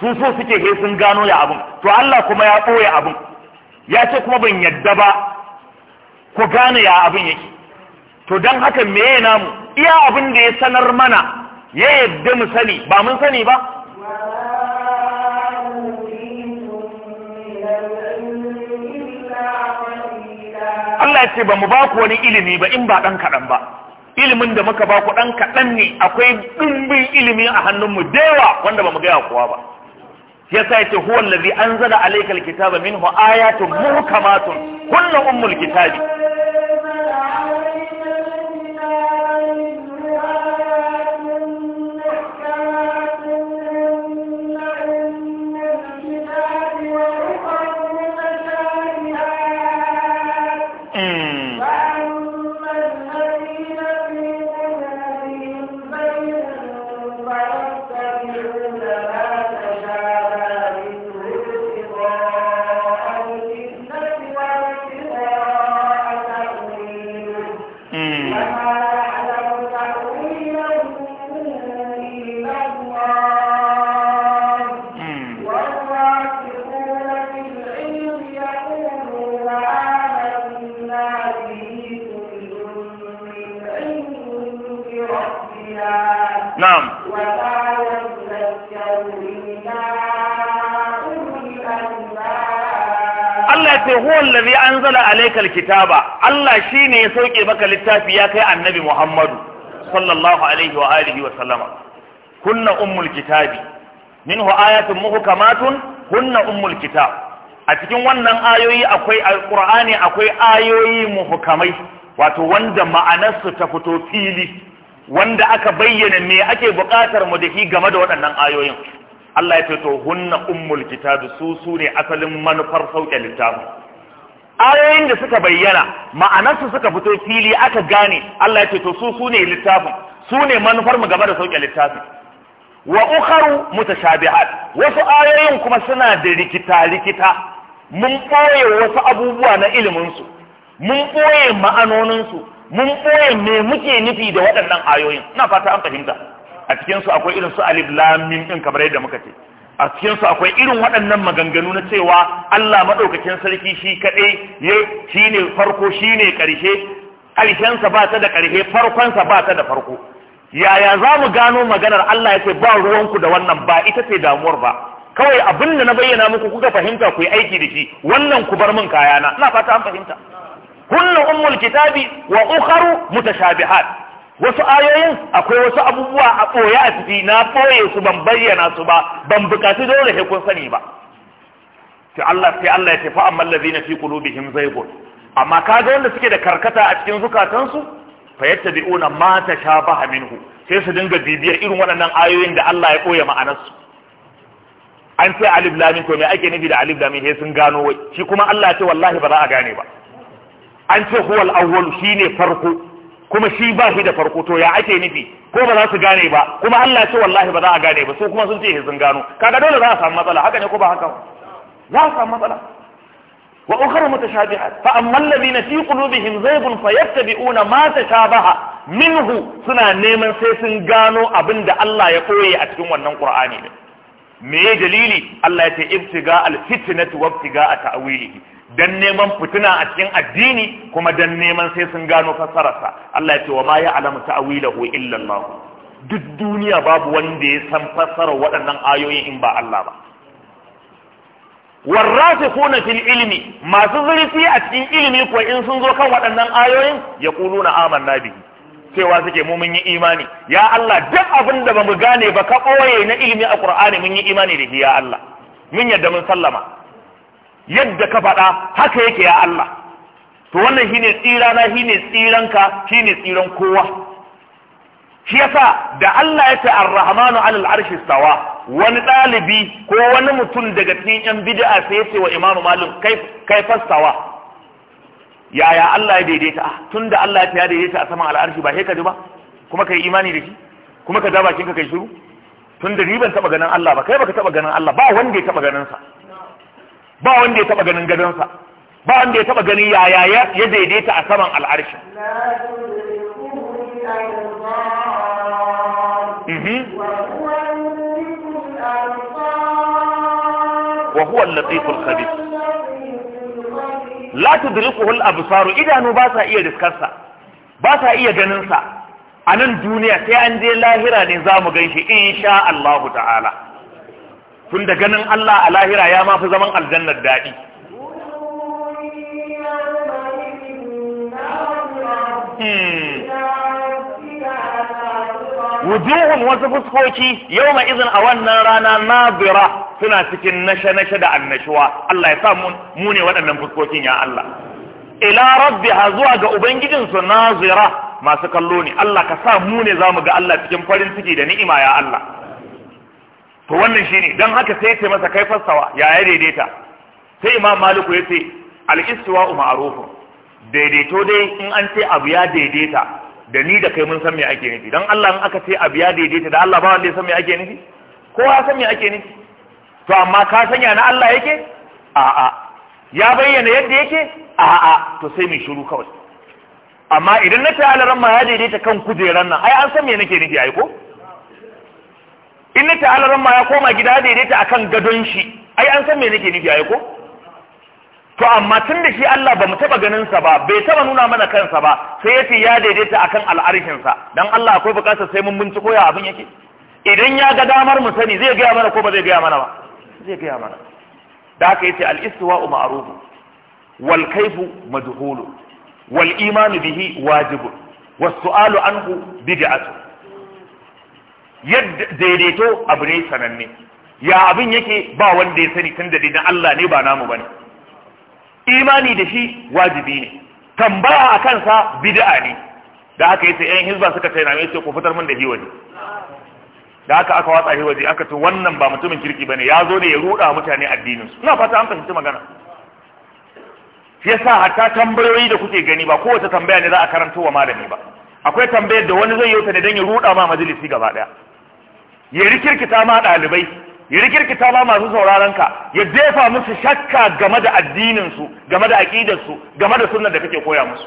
su so suke he sun gano ya abin to Allah kuma ya ɓoye abin ya ce kuma ban yadda ba ku gane ya abin yake to don haka meye namu iya abin da ya sanar mana ya yadda mu sani ba mun sani ba Allah ce ba mu ba ku wani ilimi ba in ba ɗan kaɗan ba ilimin da muka ba ku ɗan kaɗan ne akwai ɗumbin ilimi a hannunmu da yawa wanda ba mu gaya kowa ba yasa yace huwa allazi anzala alaykal kitaba minhu ayatun muhkamatun kullu ummul kitabi Na'am. وما يذكر إلا Allah ce huwa allazi anzala alaykal kitaba Allah shi ne ya sauke maka littafi ya kai annabi Muhammadu sallallahu alaihi wa alihi wa sallama kunna ummul kitabi minhu ayatun muhkamatun kunna ummul kitab a cikin wannan ayoyi akwai alqur'ani akwai ayoyi muhkamai wato wanda ma'anarsu ta fito fili wanda aka bayyana me ake buƙatar mu da game da waɗannan ayoyin Allah ya ce to hunna ummul kitab su su ne asalin manufar sauke littafin ayoyin da suka bayyana ma'anarsu suka fito fili aka gane Allah ya ce to su su ne littafin su ne manufar mu game da sauke littafin wa ukharu mutashabihat wasu ayoyin kuma suna da rikita rikita mun ɓoye wasu abubuwa na ilimin su mun ɓoye ma'anoninsu mun ɓoye me muke nufi da waɗannan ayoyin ina fata an fahimta a cikin su akwai irin su alif lam mim din kamar yadda muka ce a cikin su akwai irin waɗannan maganganu na cewa Allah madaukakin sarki shi kadai ya shine farko shine karshe karshen sa ba ta da karshe farkon sa ba ta da farko yaya za mu gano maganar Allah yake ba ruwan ku da wannan ba ita ce damuwar ba kawai abinda na bayyana muku kuka fahimta ku yi aiki da shi wannan ku bar min kayana ina fata an fahimta hunna ummul kitabi wa ukharu mutashabihat wasu ayoyin akwai wasu abubuwa a ɓoye a ciki na ɓoye su ban bayyana su ba ban bukaci dole sai kun sani ba sai Allah sai Allah ya tafi amma allazina fi qulubihim zaygun amma kaga wanda suke da karkata a cikin zukatansu fa yattabi'una ma tashabaha minhu sai su dinga bibiyar irin waɗannan ayoyin da Allah ya koya ma'anarsu an ce alif lamin to me ake nufi da alif lamin sai sun gano wai shi kuma Allah ya ce wallahi ba za a gane ba an ce huwal awwal shine farko kuma shi ba shi da farko to ya ake nufi ko ba za su gane ba kuma Allah ce wallahi ba za a gane ba su kuma sun ce sun gano kaga dole za a samu matsala haka ne ko ba haka za a samu matsala wa ukhra mutashabihat fa amma alladhina fi qulubihim zaygun fayattabi'una ma tashabaha minhu suna neman sai sun gano abin da Allah ya koye a cikin wannan Qur'ani ne me dalili Allah ya ce ibtiga al-fitnati wa ibtiga ta'wilihi dan neman fituna a cikin addini kuma dan neman sai sun gano fassararsa Allah ya ce wa ma alamu ta'wilahu illa Allah duk duniya babu wanda ya san fassarar waɗannan ayoyin in ba Allah ba warrasikuna fil ilmi masu zurfi a cikin ilimi ko in sun zo kan waɗannan ayoyin ya kuluna amanna bihi cewa suke mu mun yi imani ya Allah duk abin da bamu gane ba ka ɓoye na ilimi a Qur'ani mun yi imani da shi ya Allah mun yadda mun sallama yadda ka faɗa haka yake ya Allah to wannan shine tsira na shine tsiranka shine tsiran kowa shi yasa da Allah ya ce ar-rahmanu 'alal arshi sawa wani dalibi ko wani mutum daga cikin yan bid'a sai ya ce wa imamu malik kai kai fastawa yaya Allah ya daidaita ah, tunda Allah ya daidaita a saman al'arshi ba sai ka ji ba kuma kai imani da shi kuma ka ja bakin ka kai shiru tunda ni ban taba ganin Allah ba kai baka taba ganin Allah ba wanda ya taba ganin sa ba wanda ya taba ganin gadonsa ba wanda ya taba ganin yaya ya daidaita a saman al'arshi mhm. wa huwa al-latiful khabir la tudrikuhu al-absar idanu ba sa iya diskarsa ba sa iya ganin sa a nan duniya sai an je lahira ne zamu ganshi insha Allah ta'ala tun da ganin Allah a lahira ya mafi zaman aljannar daɗi hmm. wujuhun wasu fuskoki yau ma izin a wannan rana nazira suna cikin nashe-nashe da annashuwa Allah ya sa mu ne waɗannan fuskokin ya Allah ila ha zuwa ga ubangijinsu nazira masu kallo ne Allah ka sa mu ne za mu ga Allah cikin farin ciki da ni'ima ya Allah to wannan shine dan haka sai sai masa kai fassawa ya ya daidaita sai imam maliku yace al-istiwa ma'rufun daidaito dai in an ce abu ya daidaita da ni da kai mun san me ake nufi dan Allah in aka ce abu ya daidaita da Allah ba wanda ya san me ake nufi kowa san me ake nufi to amma ka sanya na Allah yake a'a ya bayyana yadda yake a'a to sai mu shiru kawai amma idan na ta alaran ma ya daidaita kan kujeran nan ai an san me nake nufi ai ko in na ta'alar ma ya koma gida daidaita akan gadon shi ai an san me nake nufi ai ko to amma tun da shi Allah ba mu taba ganin sa ba bai taba nuna mana kansa ba sai yace ya daidaita akan al'arshin sa dan Allah akwai bukatar sai mun binciko ya abin yake idan ya ga damar mu sani zai ga mana ko ba zai ga mana ba zai ga mana da haka yace al-istiwa'u ma'ruf wal kayfu madhulu wal imanu bihi wajibun was su'alu anhu bid'atun yadda daidaito abu ne sananne ya abin yake ba wanda ya sani tun da daidan Allah ne ba namu bane imani da shi wajibi ne tambaya a kansa bid'a ne da haka yace ƴan hizba suka sai na yace ku fitar mun da shi waje da haka aka watsa shi waje aka ce wannan ba mutumin kirki bane ya zo ne ya ruda mutane addinin su ina fata an fahimci magana shi yasa hatta tambayoyi da kuke gani ba kowace tambaya ne za a karanto wa malami ba akwai tambayar da wani zai yi ta ne don ya ruda ma majalisi gaba daya ya rikirkita ma ɗalibai ya rikirkita ma masu sauraron ka ya jefa musu shakka game da addinin su game da aƙidarsu, game da sunnar da kake koya musu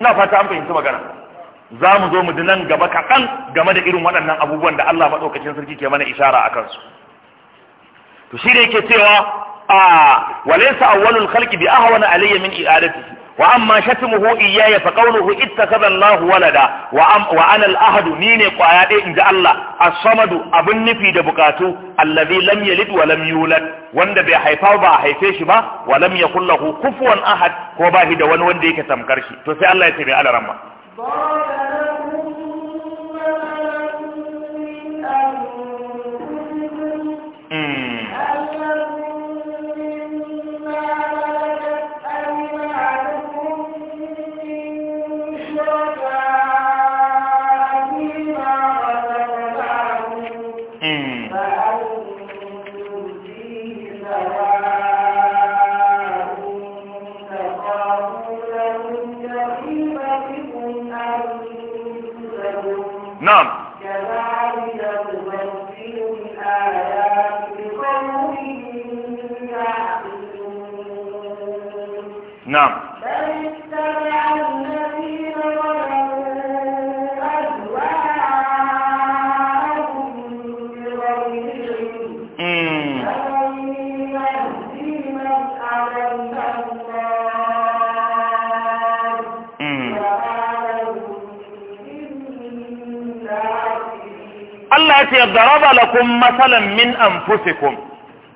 ina fata an fahimci magana za mu zo mu ji nan gaba kaɗan game da irin waɗannan abubuwan da Allah maɗaukacin sarki ke mana ishara a kansu to shi ne yake cewa a walaysa awwalul khalqi bi ahwana alayya min i'adatihi wa amma shatmuhu iyaya fa qawluhu ittakhadha Allahu walada wa am wa ana ahadu ni ne kwaya dai inji Allah as-samadu abun nufi da bukatu allazi lam yalid wa lam yulad wanda bai haifa ba a haife shi ba wa lam yakul lahu kufuwan ahad ko ba shi da wani wanda yake tamkar shi to sai Allah ya ce mai alaramma نعم بل اتبع الذين Allah ce daraba lakum masalan min anfusikum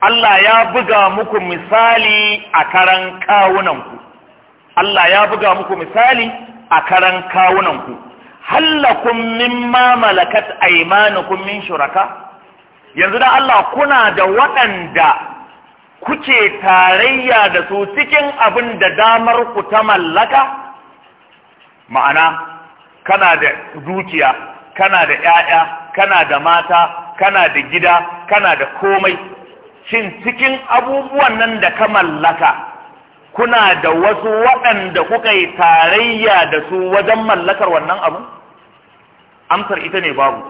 Allah ya buga muku misali a karan kawunanku Allah ya buga muku misali a karan kawunanku hallakum mimma malakat aymanukum min shuraka yanzu da Allah kuna da waɗanda kuke tarayya da su cikin abin da damar ku ta mallaka ma'ana kana da dukiya kana da 'ya'ya kana da mata kana da gida kana da komai shin cikin abubuwan nan da ka mallaka kuna da wasu waɗanda kuka yi tarayya da su wajen mallakar wannan abu amsar ita ne babu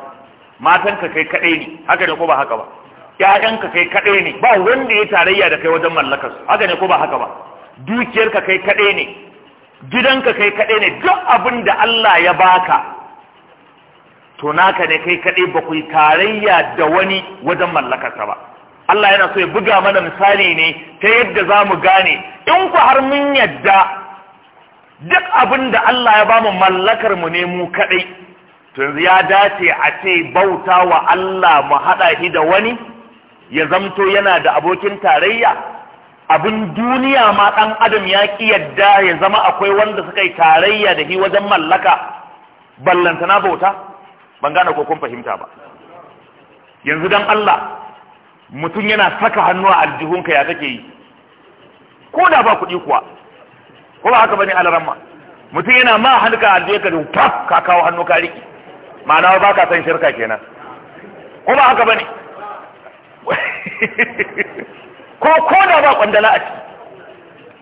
matanka kai kaɗai ne haka ne ko ba haka ba ƴaƴanka kai kaɗai ne ba wanda ya tarayya da kai wajen mallakar su haka ne ko ba haka ba dukiyarka kai kaɗai ne gidanka kai kaɗai ne duk abin da Allah ya baka to naka ne kai kaɗai ba ku yi tarayya da wani wajen mallakarsa ba Allah yana so ya buga mana misali ne ta yadda za mu gane in ku har mun yadda duk abin da Allah ya bamu mallakar mu ne mu kadai to yanzu ya dace a ce bauta wa Allah mu hada shi da wani ya zamto yana da abokin tarayya abin duniya ma dan adam ya ki yadda ya zama akwai wanda suka yi tarayya da shi wajen mallaka ballantana bauta ban gane ko kun fahimta ba yanzu dan Allah mutum yana saka hannu a aljihunka ya kake yi ko da ba kuɗi kuwa ko ba haka bane alaramma mutum yana ma hannuka a aljihunka da kwaf ka kawo hannu ka riki ma'ana ba ka san shirka kenan ko ba haka bane ko ko da ba kwandala a ciki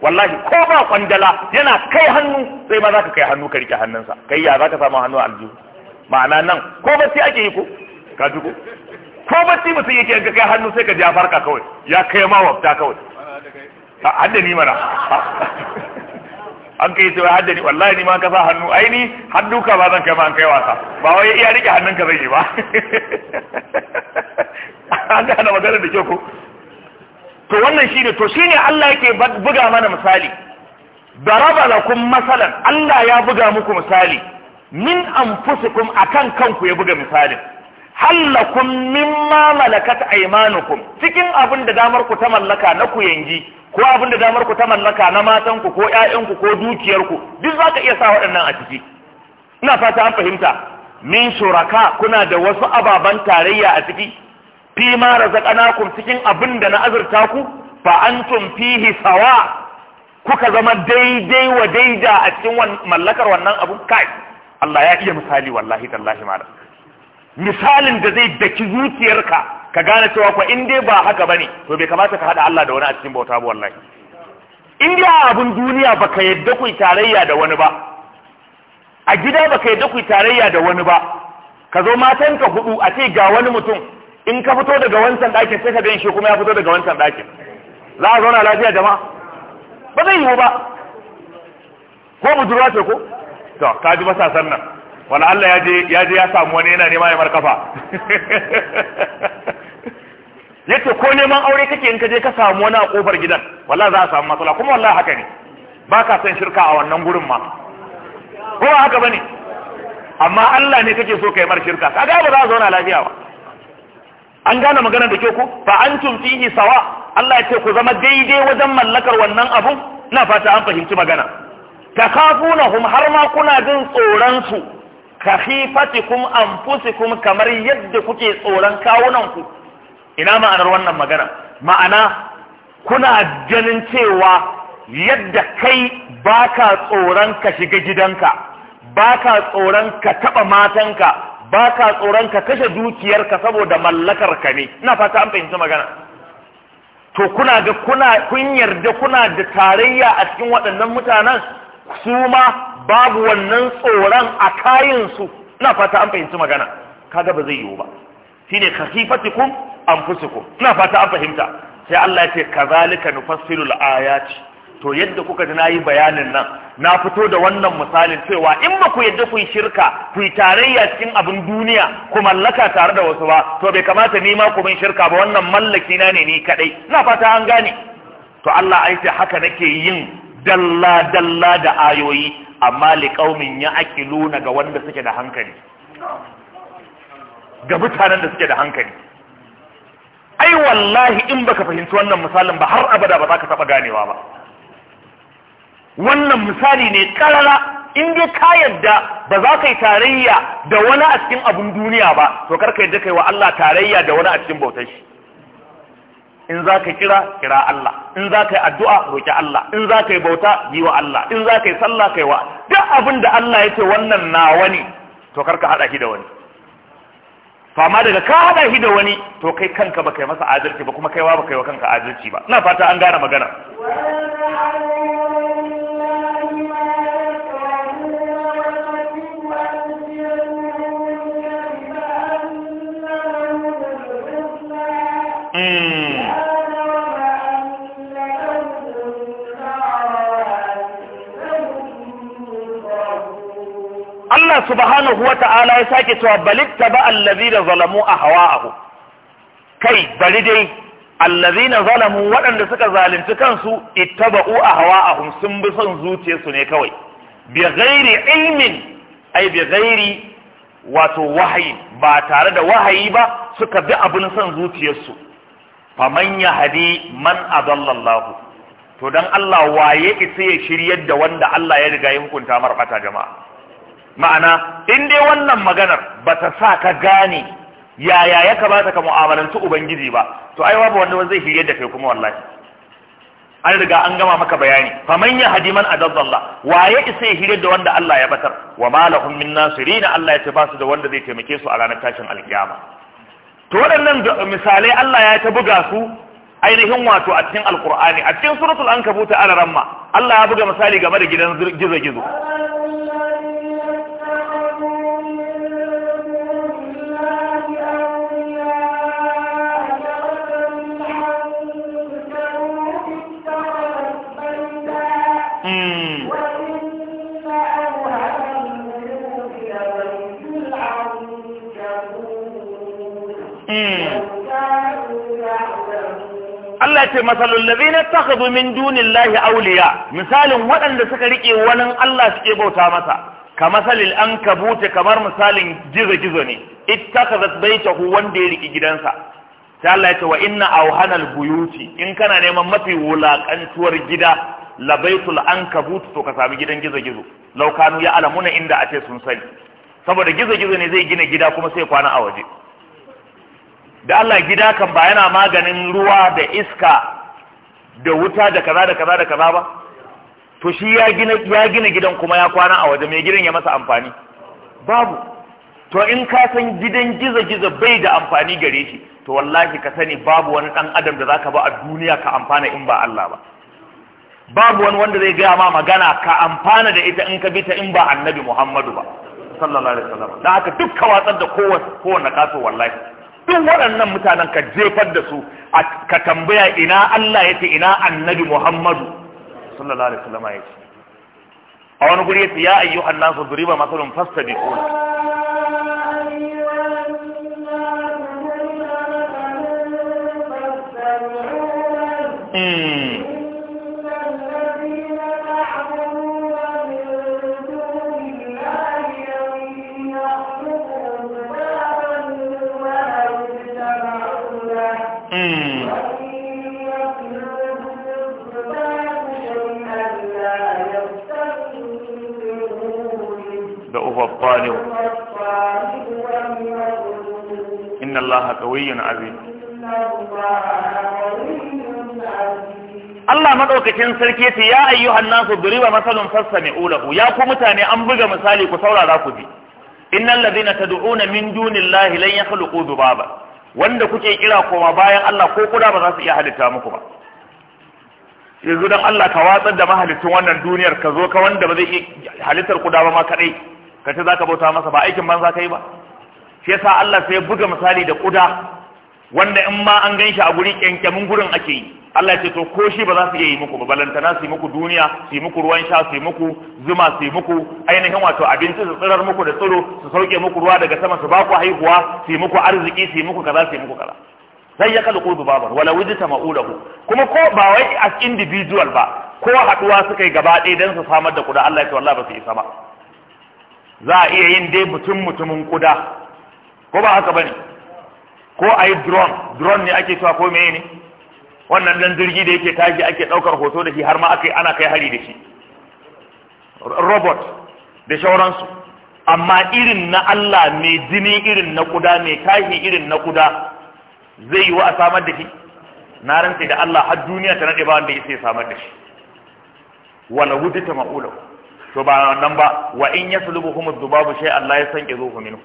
wallahi ko ba kwandala yana kai hannu sai ma za ka kai hannu ka riƙe hannunsa kai ya za ka samu hannu a aljihu ma'ana nan ko ba sai ake yi ko ka ji ko ko bacci mutum yake ga kai hannu sai ka ja farka kawai ya kai ma wafta kawai hadda ni mana an kai cewa hadda ni wallahi ni ma ka sa hannu Aini, hannu ka ba zan kai ma an kai wasa ba wai iya rike hannun ka zai yi ba an ga na magana da kyau ko to wannan shine to shine Allah yake buga mana misali daraba lakum masalan Allah ya buga muku misali min anfusikum akan kanku ya buga misalin hallakum mimma malakat aymanukum cikin abin da damar ku ta mallaka na ku yangi ko abin da damar ku ta mallaka na matan ku ko ƴaƴan ku ko dukiyar ku duk zaka iya sa waɗannan a ciki ina fata an fahimta min shuraka kuna da wasu ababan tarayya a ciki fi ma razaqnakum cikin abin da na azurta ku fa antum fihi sawa kuka zama daidai wa daida a cikin mallakar wannan abun kai Allah ya iya misali wallahi tallahi malam misalin da zai daki zuciyarka ka gane cewa ko in dai ba haka bane to bai kamata ka hada Allah da wani a cikin bauta ba wallahi in dai abun duniya baka yadda ku tarayya da wani ba a gida baka yadda ku tarayya da wani ba ka zo matanka hudu a ce ga wani mutum in ka fito daga wancan ɗakin sai ka gan shi kuma ya fito daga wancan ɗakin za a zauna lafiya jama'a ba zai yiwu ba ko budurwa ce ko to ka ji matasan nan wala Allah ya je ya samu wani yana nema ya markafa yace ko neman aure kake in ka je ka samu wani a kofar gidan wallahi za a samu matsala kuma wallahi haka ne ba ka san shirka a wannan gurin ma ko haka bane amma Allah ne kake so kai mar shirka kaga ba za a zauna lafiya ba an gane magana da ke ku fa antum fihi sawa Allah ya ce ku zama daidai wajen mallakar wannan abun na fata an fahimci magana takhafunahum har ma kuna jin tsoron su ka khifatikum anfusikum kamar yadda kuke tsoron kawunanku ina ma'anar wannan magana ma'ana kuna ganin cewa yadda kai baka tsoron ka shiga gidanka baka tsoron ka taba matanka baka tsoron ka kashe dukiyarka saboda mallakar ka ne ina fata an fahimci magana to kuna ga kuna kun yarda kuna da tarayya a cikin waɗannan mutanen su ma babu wannan tsoron a kayansu na fata an fahimci magana kaga ba zai yiwu ba Shi ne an khafifatikum anfusukum ina fata an fahimta sai Allah ya ce kazalika nufassilu la'aya ayati to yadda kuka ji na yi bayanin nan na fito da wannan misalin cewa in ba ku yadda ku yi shirka ku yi tarayya cikin abin duniya ku mallaka tare da wasu ba to bai kamata ni ma ku bin shirka ba wannan mallaki na ne ni kadai ina fata an gane to Allah ai ce haka nake yin dalla dalla da ayoyi amma liqaumin ya luna ga wanda suke da hankali ga mutanen da suke da hankali ai wallahi in baka fahimci wannan misalin ba har abada ba za ka taba ganewa ba wannan misali ne karara in dai ka yadda ba za ka yi tarayya da wani a cikin abun duniya ba to karka yadda kai wa Allah tarayya da wani a cikin bautar shi in za ka kira kira Allah in za ka yi addu'a roƙi Allah in za ka yi bauta yi wa Allah in za ka yi sallah kai wa duk abin da Allah ya ce wannan nawa ne to karka haɗa shi da wani fama daga ka haɗa shi da wani to kai kanka ba kai masa adalci ba kuma kaiwa ba kai wa kanka adalci ba ina fata an gane magana Allah subhanahu wa ta'ala ya sake cewa balitta ba da zalamu a hawa'ahu kai bari dai allazina zalamu waɗanda suka zalunci kansu ittaba'u a hawa'ahum sun bi son zuciyarsu ne kawai bi gairi ilmin ai bi gairi wato wahayi ba tare da wahayi ba suka bi abin son zuciyarsu faman yahdi man adallallahu to dan Allah waye isa ya shiryar da wanda Allah ya riga ya hukunta marfata jama'a ma'ana in dai wannan maganar ba ta sa ka gane yaya ya kamata ka mu'amalanci ubangiji ba to ai babu wanda zai hire da kai kuma wallahi an riga an gama maka bayani faman ya hadiman wa waye isa ya hire da wanda Allah ya batar wa malahum min nasirin Allah ya tabasu da wanda zai taimake su a ranar tashin alkiyama to waɗannan misalai Allah ya ta buga su ainihin wato a cikin alqur'ani a cikin suratul ankabut ramma Allah ya buga misali game da gidan gizo gizo Hmm. Hmm. Allah ce masalul ladina takhadhu min dunillahi auliya misalin waɗanda suka rike wani Allah suke bauta masa ka masalil kamar misalin gizo-gizo ne ittakhadhat baytahu wanda ya rike gidansa Ta Allah ya ce wa inna awhanal buyuti in kana neman mafi wulaƙantuwar gida labaitul ankabut to ka sami gidan gizo gizo laukanu ya alamuna inda a ce sun sani saboda gizo gizo ne zai gina gida kuma sai kwana a waje da Allah gida kan ba yana maganin ruwa da iska da wuta da kaza da kaza da kaza ba to shi ya gina ya gina gidan kuma ya kwana a waje mai gidan ya masa amfani babu to in ka san gidan gizo gizo bai da amfani gare shi to wallahi ka sani babu wani dan adam da zaka ba a duniya ka amfana in ba Allah ba babu wani wanda zai gaya ma magana ka amfana da ita in ka bi ta in ba annabi Muhammadu ba sallallahu alaihi wasallam dan haka duk ka watsar da kowace kowanne kaso wallahi duk waɗannan mutanen ka jefar da su ka tambaya ina Allah yace ina annabi Muhammadu sallallahu alaihi wasallam yace a wani guri yace ya ayyuhan nasu duriba masalun fastabiquna Mm. da ufaffaliu inna allaha qawiyyun azim Allah maɗaukacin sarki yace ya ayyuhan nasu duriba masalun fastami'u ya ku mutane an buga misali ku saurara ku ji innal ladina na min dunillahi lan yakhluqu dubaba, wanda kuke kira koma bayan Allah ko kuda ba za su iya halitta muku ba yanzu dan Allah ka watsar da mahaliccin wannan duniyar ka zo ka wanda ba zai halittar kuda ba ma kadai ka ce za ka bauta masa ba aikin banza yi ba shi yasa Allah sai buga misali da kuda wanda in ma an ganshi a guri kyankyamin gurin ake yi Allah ya ce to ko shi ba za su iya yi muku ba balantana su yi muku duniya su yi muku ruwan sha su yi muku zuma su yi muku ainihin wato abinci su tsirar muku da tsiro su sauke muku ruwa daga sama su ba ku haihuwa su yi muku arziki su yi muku kaza su yi muku kaza zai ya kalqu babar wala wujita ma'ulahu kuma ko ba wai as individual ba ko haduwa suka yi gaba ɗaya don su samar da kuda Allah ya ce wallahi ba su isa ba za a iya yin dai mutum mutumin kuda ko ba haka bane ko ayi drone drone ne ake cewa ko meye ne wannan dan jirgi da yake tashi ake daukar hoto da shi har ma aka ana kai hari da shi robot da shauransu amma irin na Allah mai jini irin na kuda mai tashi irin na kuda zai yi wa a samar da shi na rantse da Allah har duniya ta nade ba wanda yake samar da shi wala ta ma'ula to ba nan ba wa in yaslubuhum ad-dubabu shay Allah ya san kizuhu minhu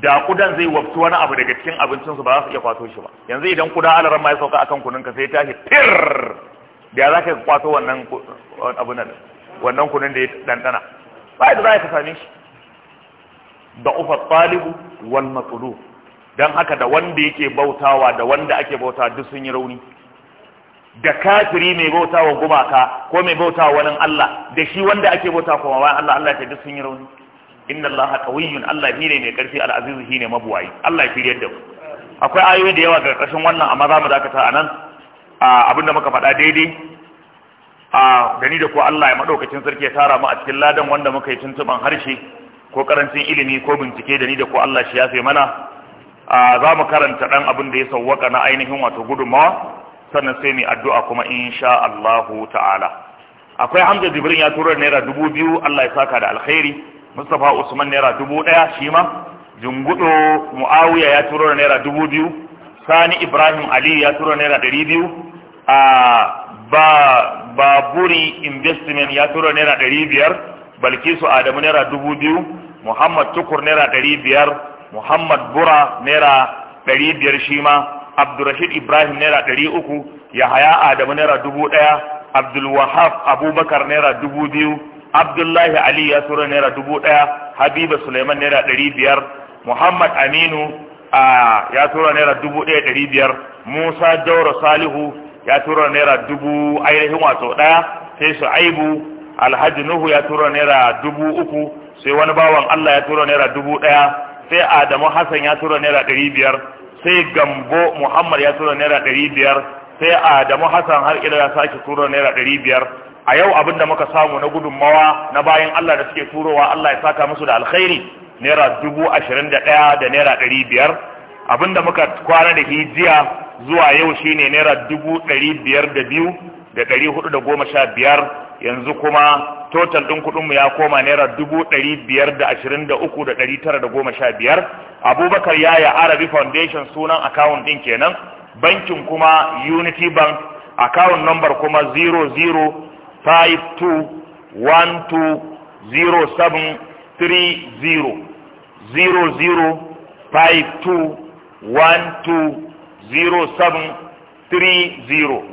da kudan zai waftu wani abu daga cikin abincin su ba za su iya kwato shi ba yanzu idan kuda alaran ma ya sauka akan kunun ka sai tashi tir da za ka kwato wannan abu nan wannan kunun da ya dandana ba da za ka same shi da ufa talibu wal matlub don haka da wanda yake bautawa da wanda ake bautawa duk sun yi rauni da kafiri mai bautawa gumaka ko mai bautawa wani Allah da shi wanda ake bautawa kuma bayan Allah Allah ta duk sun yi rauni inna Allah qawiyyun Allah shine mai karfi al-aziz ne mabuwayi Allah ya firiyar da mu akwai ayoyi da yawa ga ƙarshen wannan amma za mu dakata a abin da muka faɗa daidai a gani da ko Allah ya madaukakin sarki ya tara mu a cikin ladan wanda muka yi tuntuban harshe ko karancin ilimi ko bincike da ni da ko Allah shi ya mana za mu karanta ɗan abin da ya sauwaka na ainihin wato gudunmawa sannan sai ni addu'a kuma insha Allahu ta'ala akwai Hamza Jibrin ya tura naira dubu biyu Allah ya saka da alkhairi Mustapha Usman naira dubu ɗaya shi ma Jungudo Muawiya ya tura naira dubu biyu Sani Ibrahim Ali ya tura naira ɗari biyu a ba Baburi Investment ya tura naira ɗari biyar Balkisu Adamu naira dubu biyu Muhammad Tukur naira ɗari biyar muhammad bura naira ɗari biyar shi ma abdurrashid ibrahim naira ɗari uku yahaya adamu naira dubu ɗaya abdulwahab abubakar naira dubu biyu abdullahi ali ya tura naira dubu ɗaya habiba suleiman naira ɗari biyar muhammad aminu ya tura naira dubu ɗaya ɗari biyar musa daura salihu ya tura naira dubu ainihin wato daya sai su aibu alhaji nuhu ya tura naira dubu uku sai wani bawan allah ya tura naira dubu ɗaya sai adamu hassan ya tura naira ɗari biyar sai gambo muhammad ya tura naira ɗari biyar sai adamu hassan har ila ya sake tura naira ɗari biyar a yau abin da muka samu na gudunmawa na bayan allah da suke turowa allah ya saka musu da alkhairi naira dubu ashirin da ɗaya da naira ɗari biyar abin da muka kwana da hijiya zuwa yau shine naira dubu ɗari biyar da biyu da ɗari hudu da goma sha biyar yanzu kuma total ɗin kuɗinmu ya koma naira dubu ɗari biyar da ashirin da uku da ɗari tara da goma sha biyar abubakar yaya arabi foundation sunan akawun ɗin kenan bankin kuma unity bank akawun number kuma 0052120730 0052120730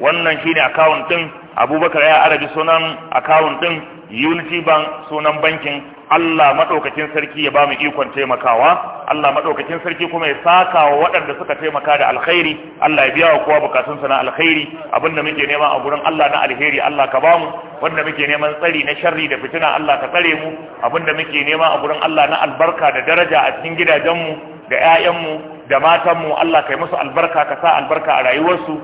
wannan shine akawun ɗin abubakar ya arabi sunan akawun din unity bank sunan bankin allah maɗaukakin sarki ya ba mu ikon taimakawa allah maɗaukakin sarki kuma ya saka wa waɗanda suka taimaka da alkhairi allah ya biya wa kowa bukatunsa na alkhairi abinda muke nema a gurin allah na alheri allah ka ba mu wanda muke neman tsari na sharri da fitina allah ka tsare mu abinda muke nema a gurin allah na albarka da daraja a cikin gidajenmu da 'ya'yanmu da matanmu allah ka yi musu albarka ka sa albarka a rayuwarsu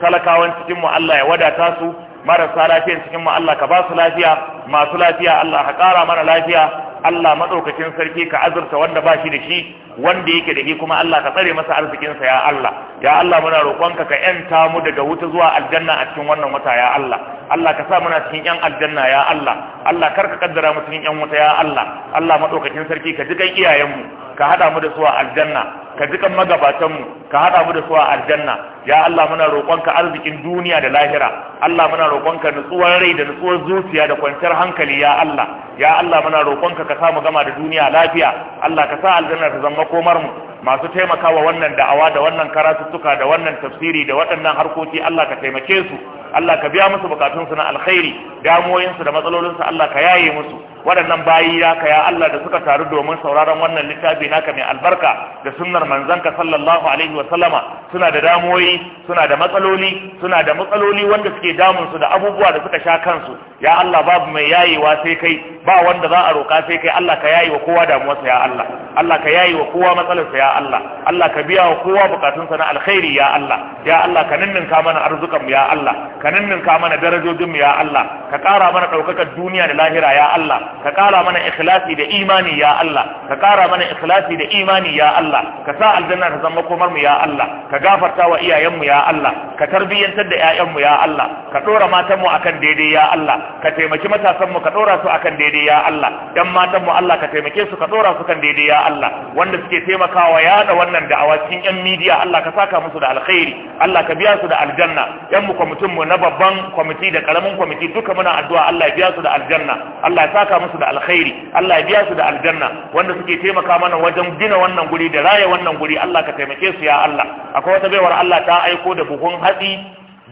talakawan cikinmu Allah ya wadata su marasa lafiyar cikin mu Allah ka ba su lafiya masu lafiya Allah ka ƙara mana lafiya Allah maɗaukacin sarki ka azurta wanda ba shi da shi wanda yake da shi kuma Allah ka tsare masa arzikinsa ya Allah ya Allah muna roƙonka ka ƴanta mu daga wuta zuwa aljanna a cikin wannan wata ya Allah Allah ka sa muna cikin ƴan aljanna ya Allah Allah kar ka kaddara mu cikin ƴan wuta ya Allah Allah maɗaukacin sarki ka ji kan iyayenmu ka haɗa mu da su a aljanna ka ji kan magabatanmu ka haɗa mu da su a aljanna ya Allah muna roƙonka arzikin duniya da lahira Allah muna roƙonka nutsuwar rai da nutsuwar zuciya da kwanciyar hankali ya Allah ya Allah muna roƙonka ka samu gama da duniya lafiya Allah ka sa aljanna ta zama komar mu masu taimakawa wannan da'awa da wannan karatuttuka da wannan tafsiri da waɗannan harkoki Allah ka taimake su Allah ka biya musu bukatunsu na alkhairi damuwoyinsu da matsalolinsu Allah ka yaye musu waɗannan bayi naka ya Allah da suka taru domin sauraron wannan littafi naka mai albarka da sunnar manzanka sallallahu alaihi wa sallama suna da damuwoyi ne suna da matsaloli suna da matsaloli wanda suke damun su da abubuwa da suka sha kansu ya Allah babu mai yayewa sai kai ba wanda za a roka sai kai Allah ka yi wa kowa damuwarsa ya Allah Allah ka yayi wa kowa matsalarsa ya Allah Allah ka biya wa kowa bukatunsa na alkhairi ya Allah ya Allah ka ninninka mana arzukan ya Allah ka ninninka mana darajojin mu ya Allah ka kara mana ɗaukakar duniya da lahira ya Allah ka kara mana ikhlasi da imani ya Allah ka kara mana ikhlasi da imani ya Allah ka sa aljanna ta zama komar mu ya Allah ka gafarta wa iyaye iyayenmu ya Allah ka tarbiyyantar da ƴaƴanmu ya Allah ka dora matanmu akan daidai ya Allah ka taimaki matasanmu ka dora su akan daidai ya Allah ƴan matanmu Allah ka taimake su ka dora su kan daidai ya Allah wanda suke taimakawa ya da wannan da'awa cikin ƴan midiya Allah ka saka musu da alkhairi Allah ka biya su da aljanna ƴan mu kwamitin mu na babban kwamiti da karamin kwamiti duka muna addu'a Allah ya biya su da aljanna Allah ya saka musu da alkhairi Allah ya biya su da aljanna wanda suke taimaka mana wajen gina wannan guri da raya wannan guri Allah ka taimake su ya Allah akwai wata baiwar Allah ta ta aiko da buhun hatsi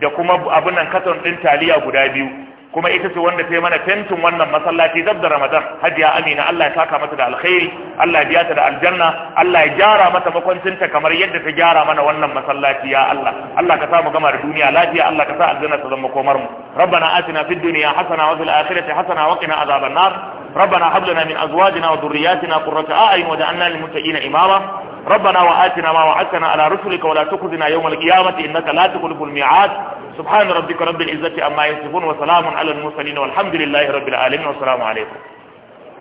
da kuma abunan katon din taliya guda biyu kuma ita ce wanda ta yi mana fentin wannan masallaci zab da ramadan hajiya amina allah ya saka mata da alkhairi allah ya biya ta da aljanna allah ya gyara mata makwancinta kamar yadda ta gyara mana wannan masallaci ya allah allah ka sa mu gama da duniya lafiya allah ka sa aljanna ta zama komar mu rabbana atina fid dunya hasana wa fil akhirati hasana wa qina azaban nar ربنا هب لنا من ازواجنا وذرياتنا قرة اعين واجعلنا للمتقين اماما ربنا وآتنا ما وعدتنا على رسلك ولا تخزنا يوم القيامة إنك لا تخلف الميعاد سبحان ربك رب العزة أما يصفون وسلام على المرسلين والحمد لله رب العالمين والسلام عليكم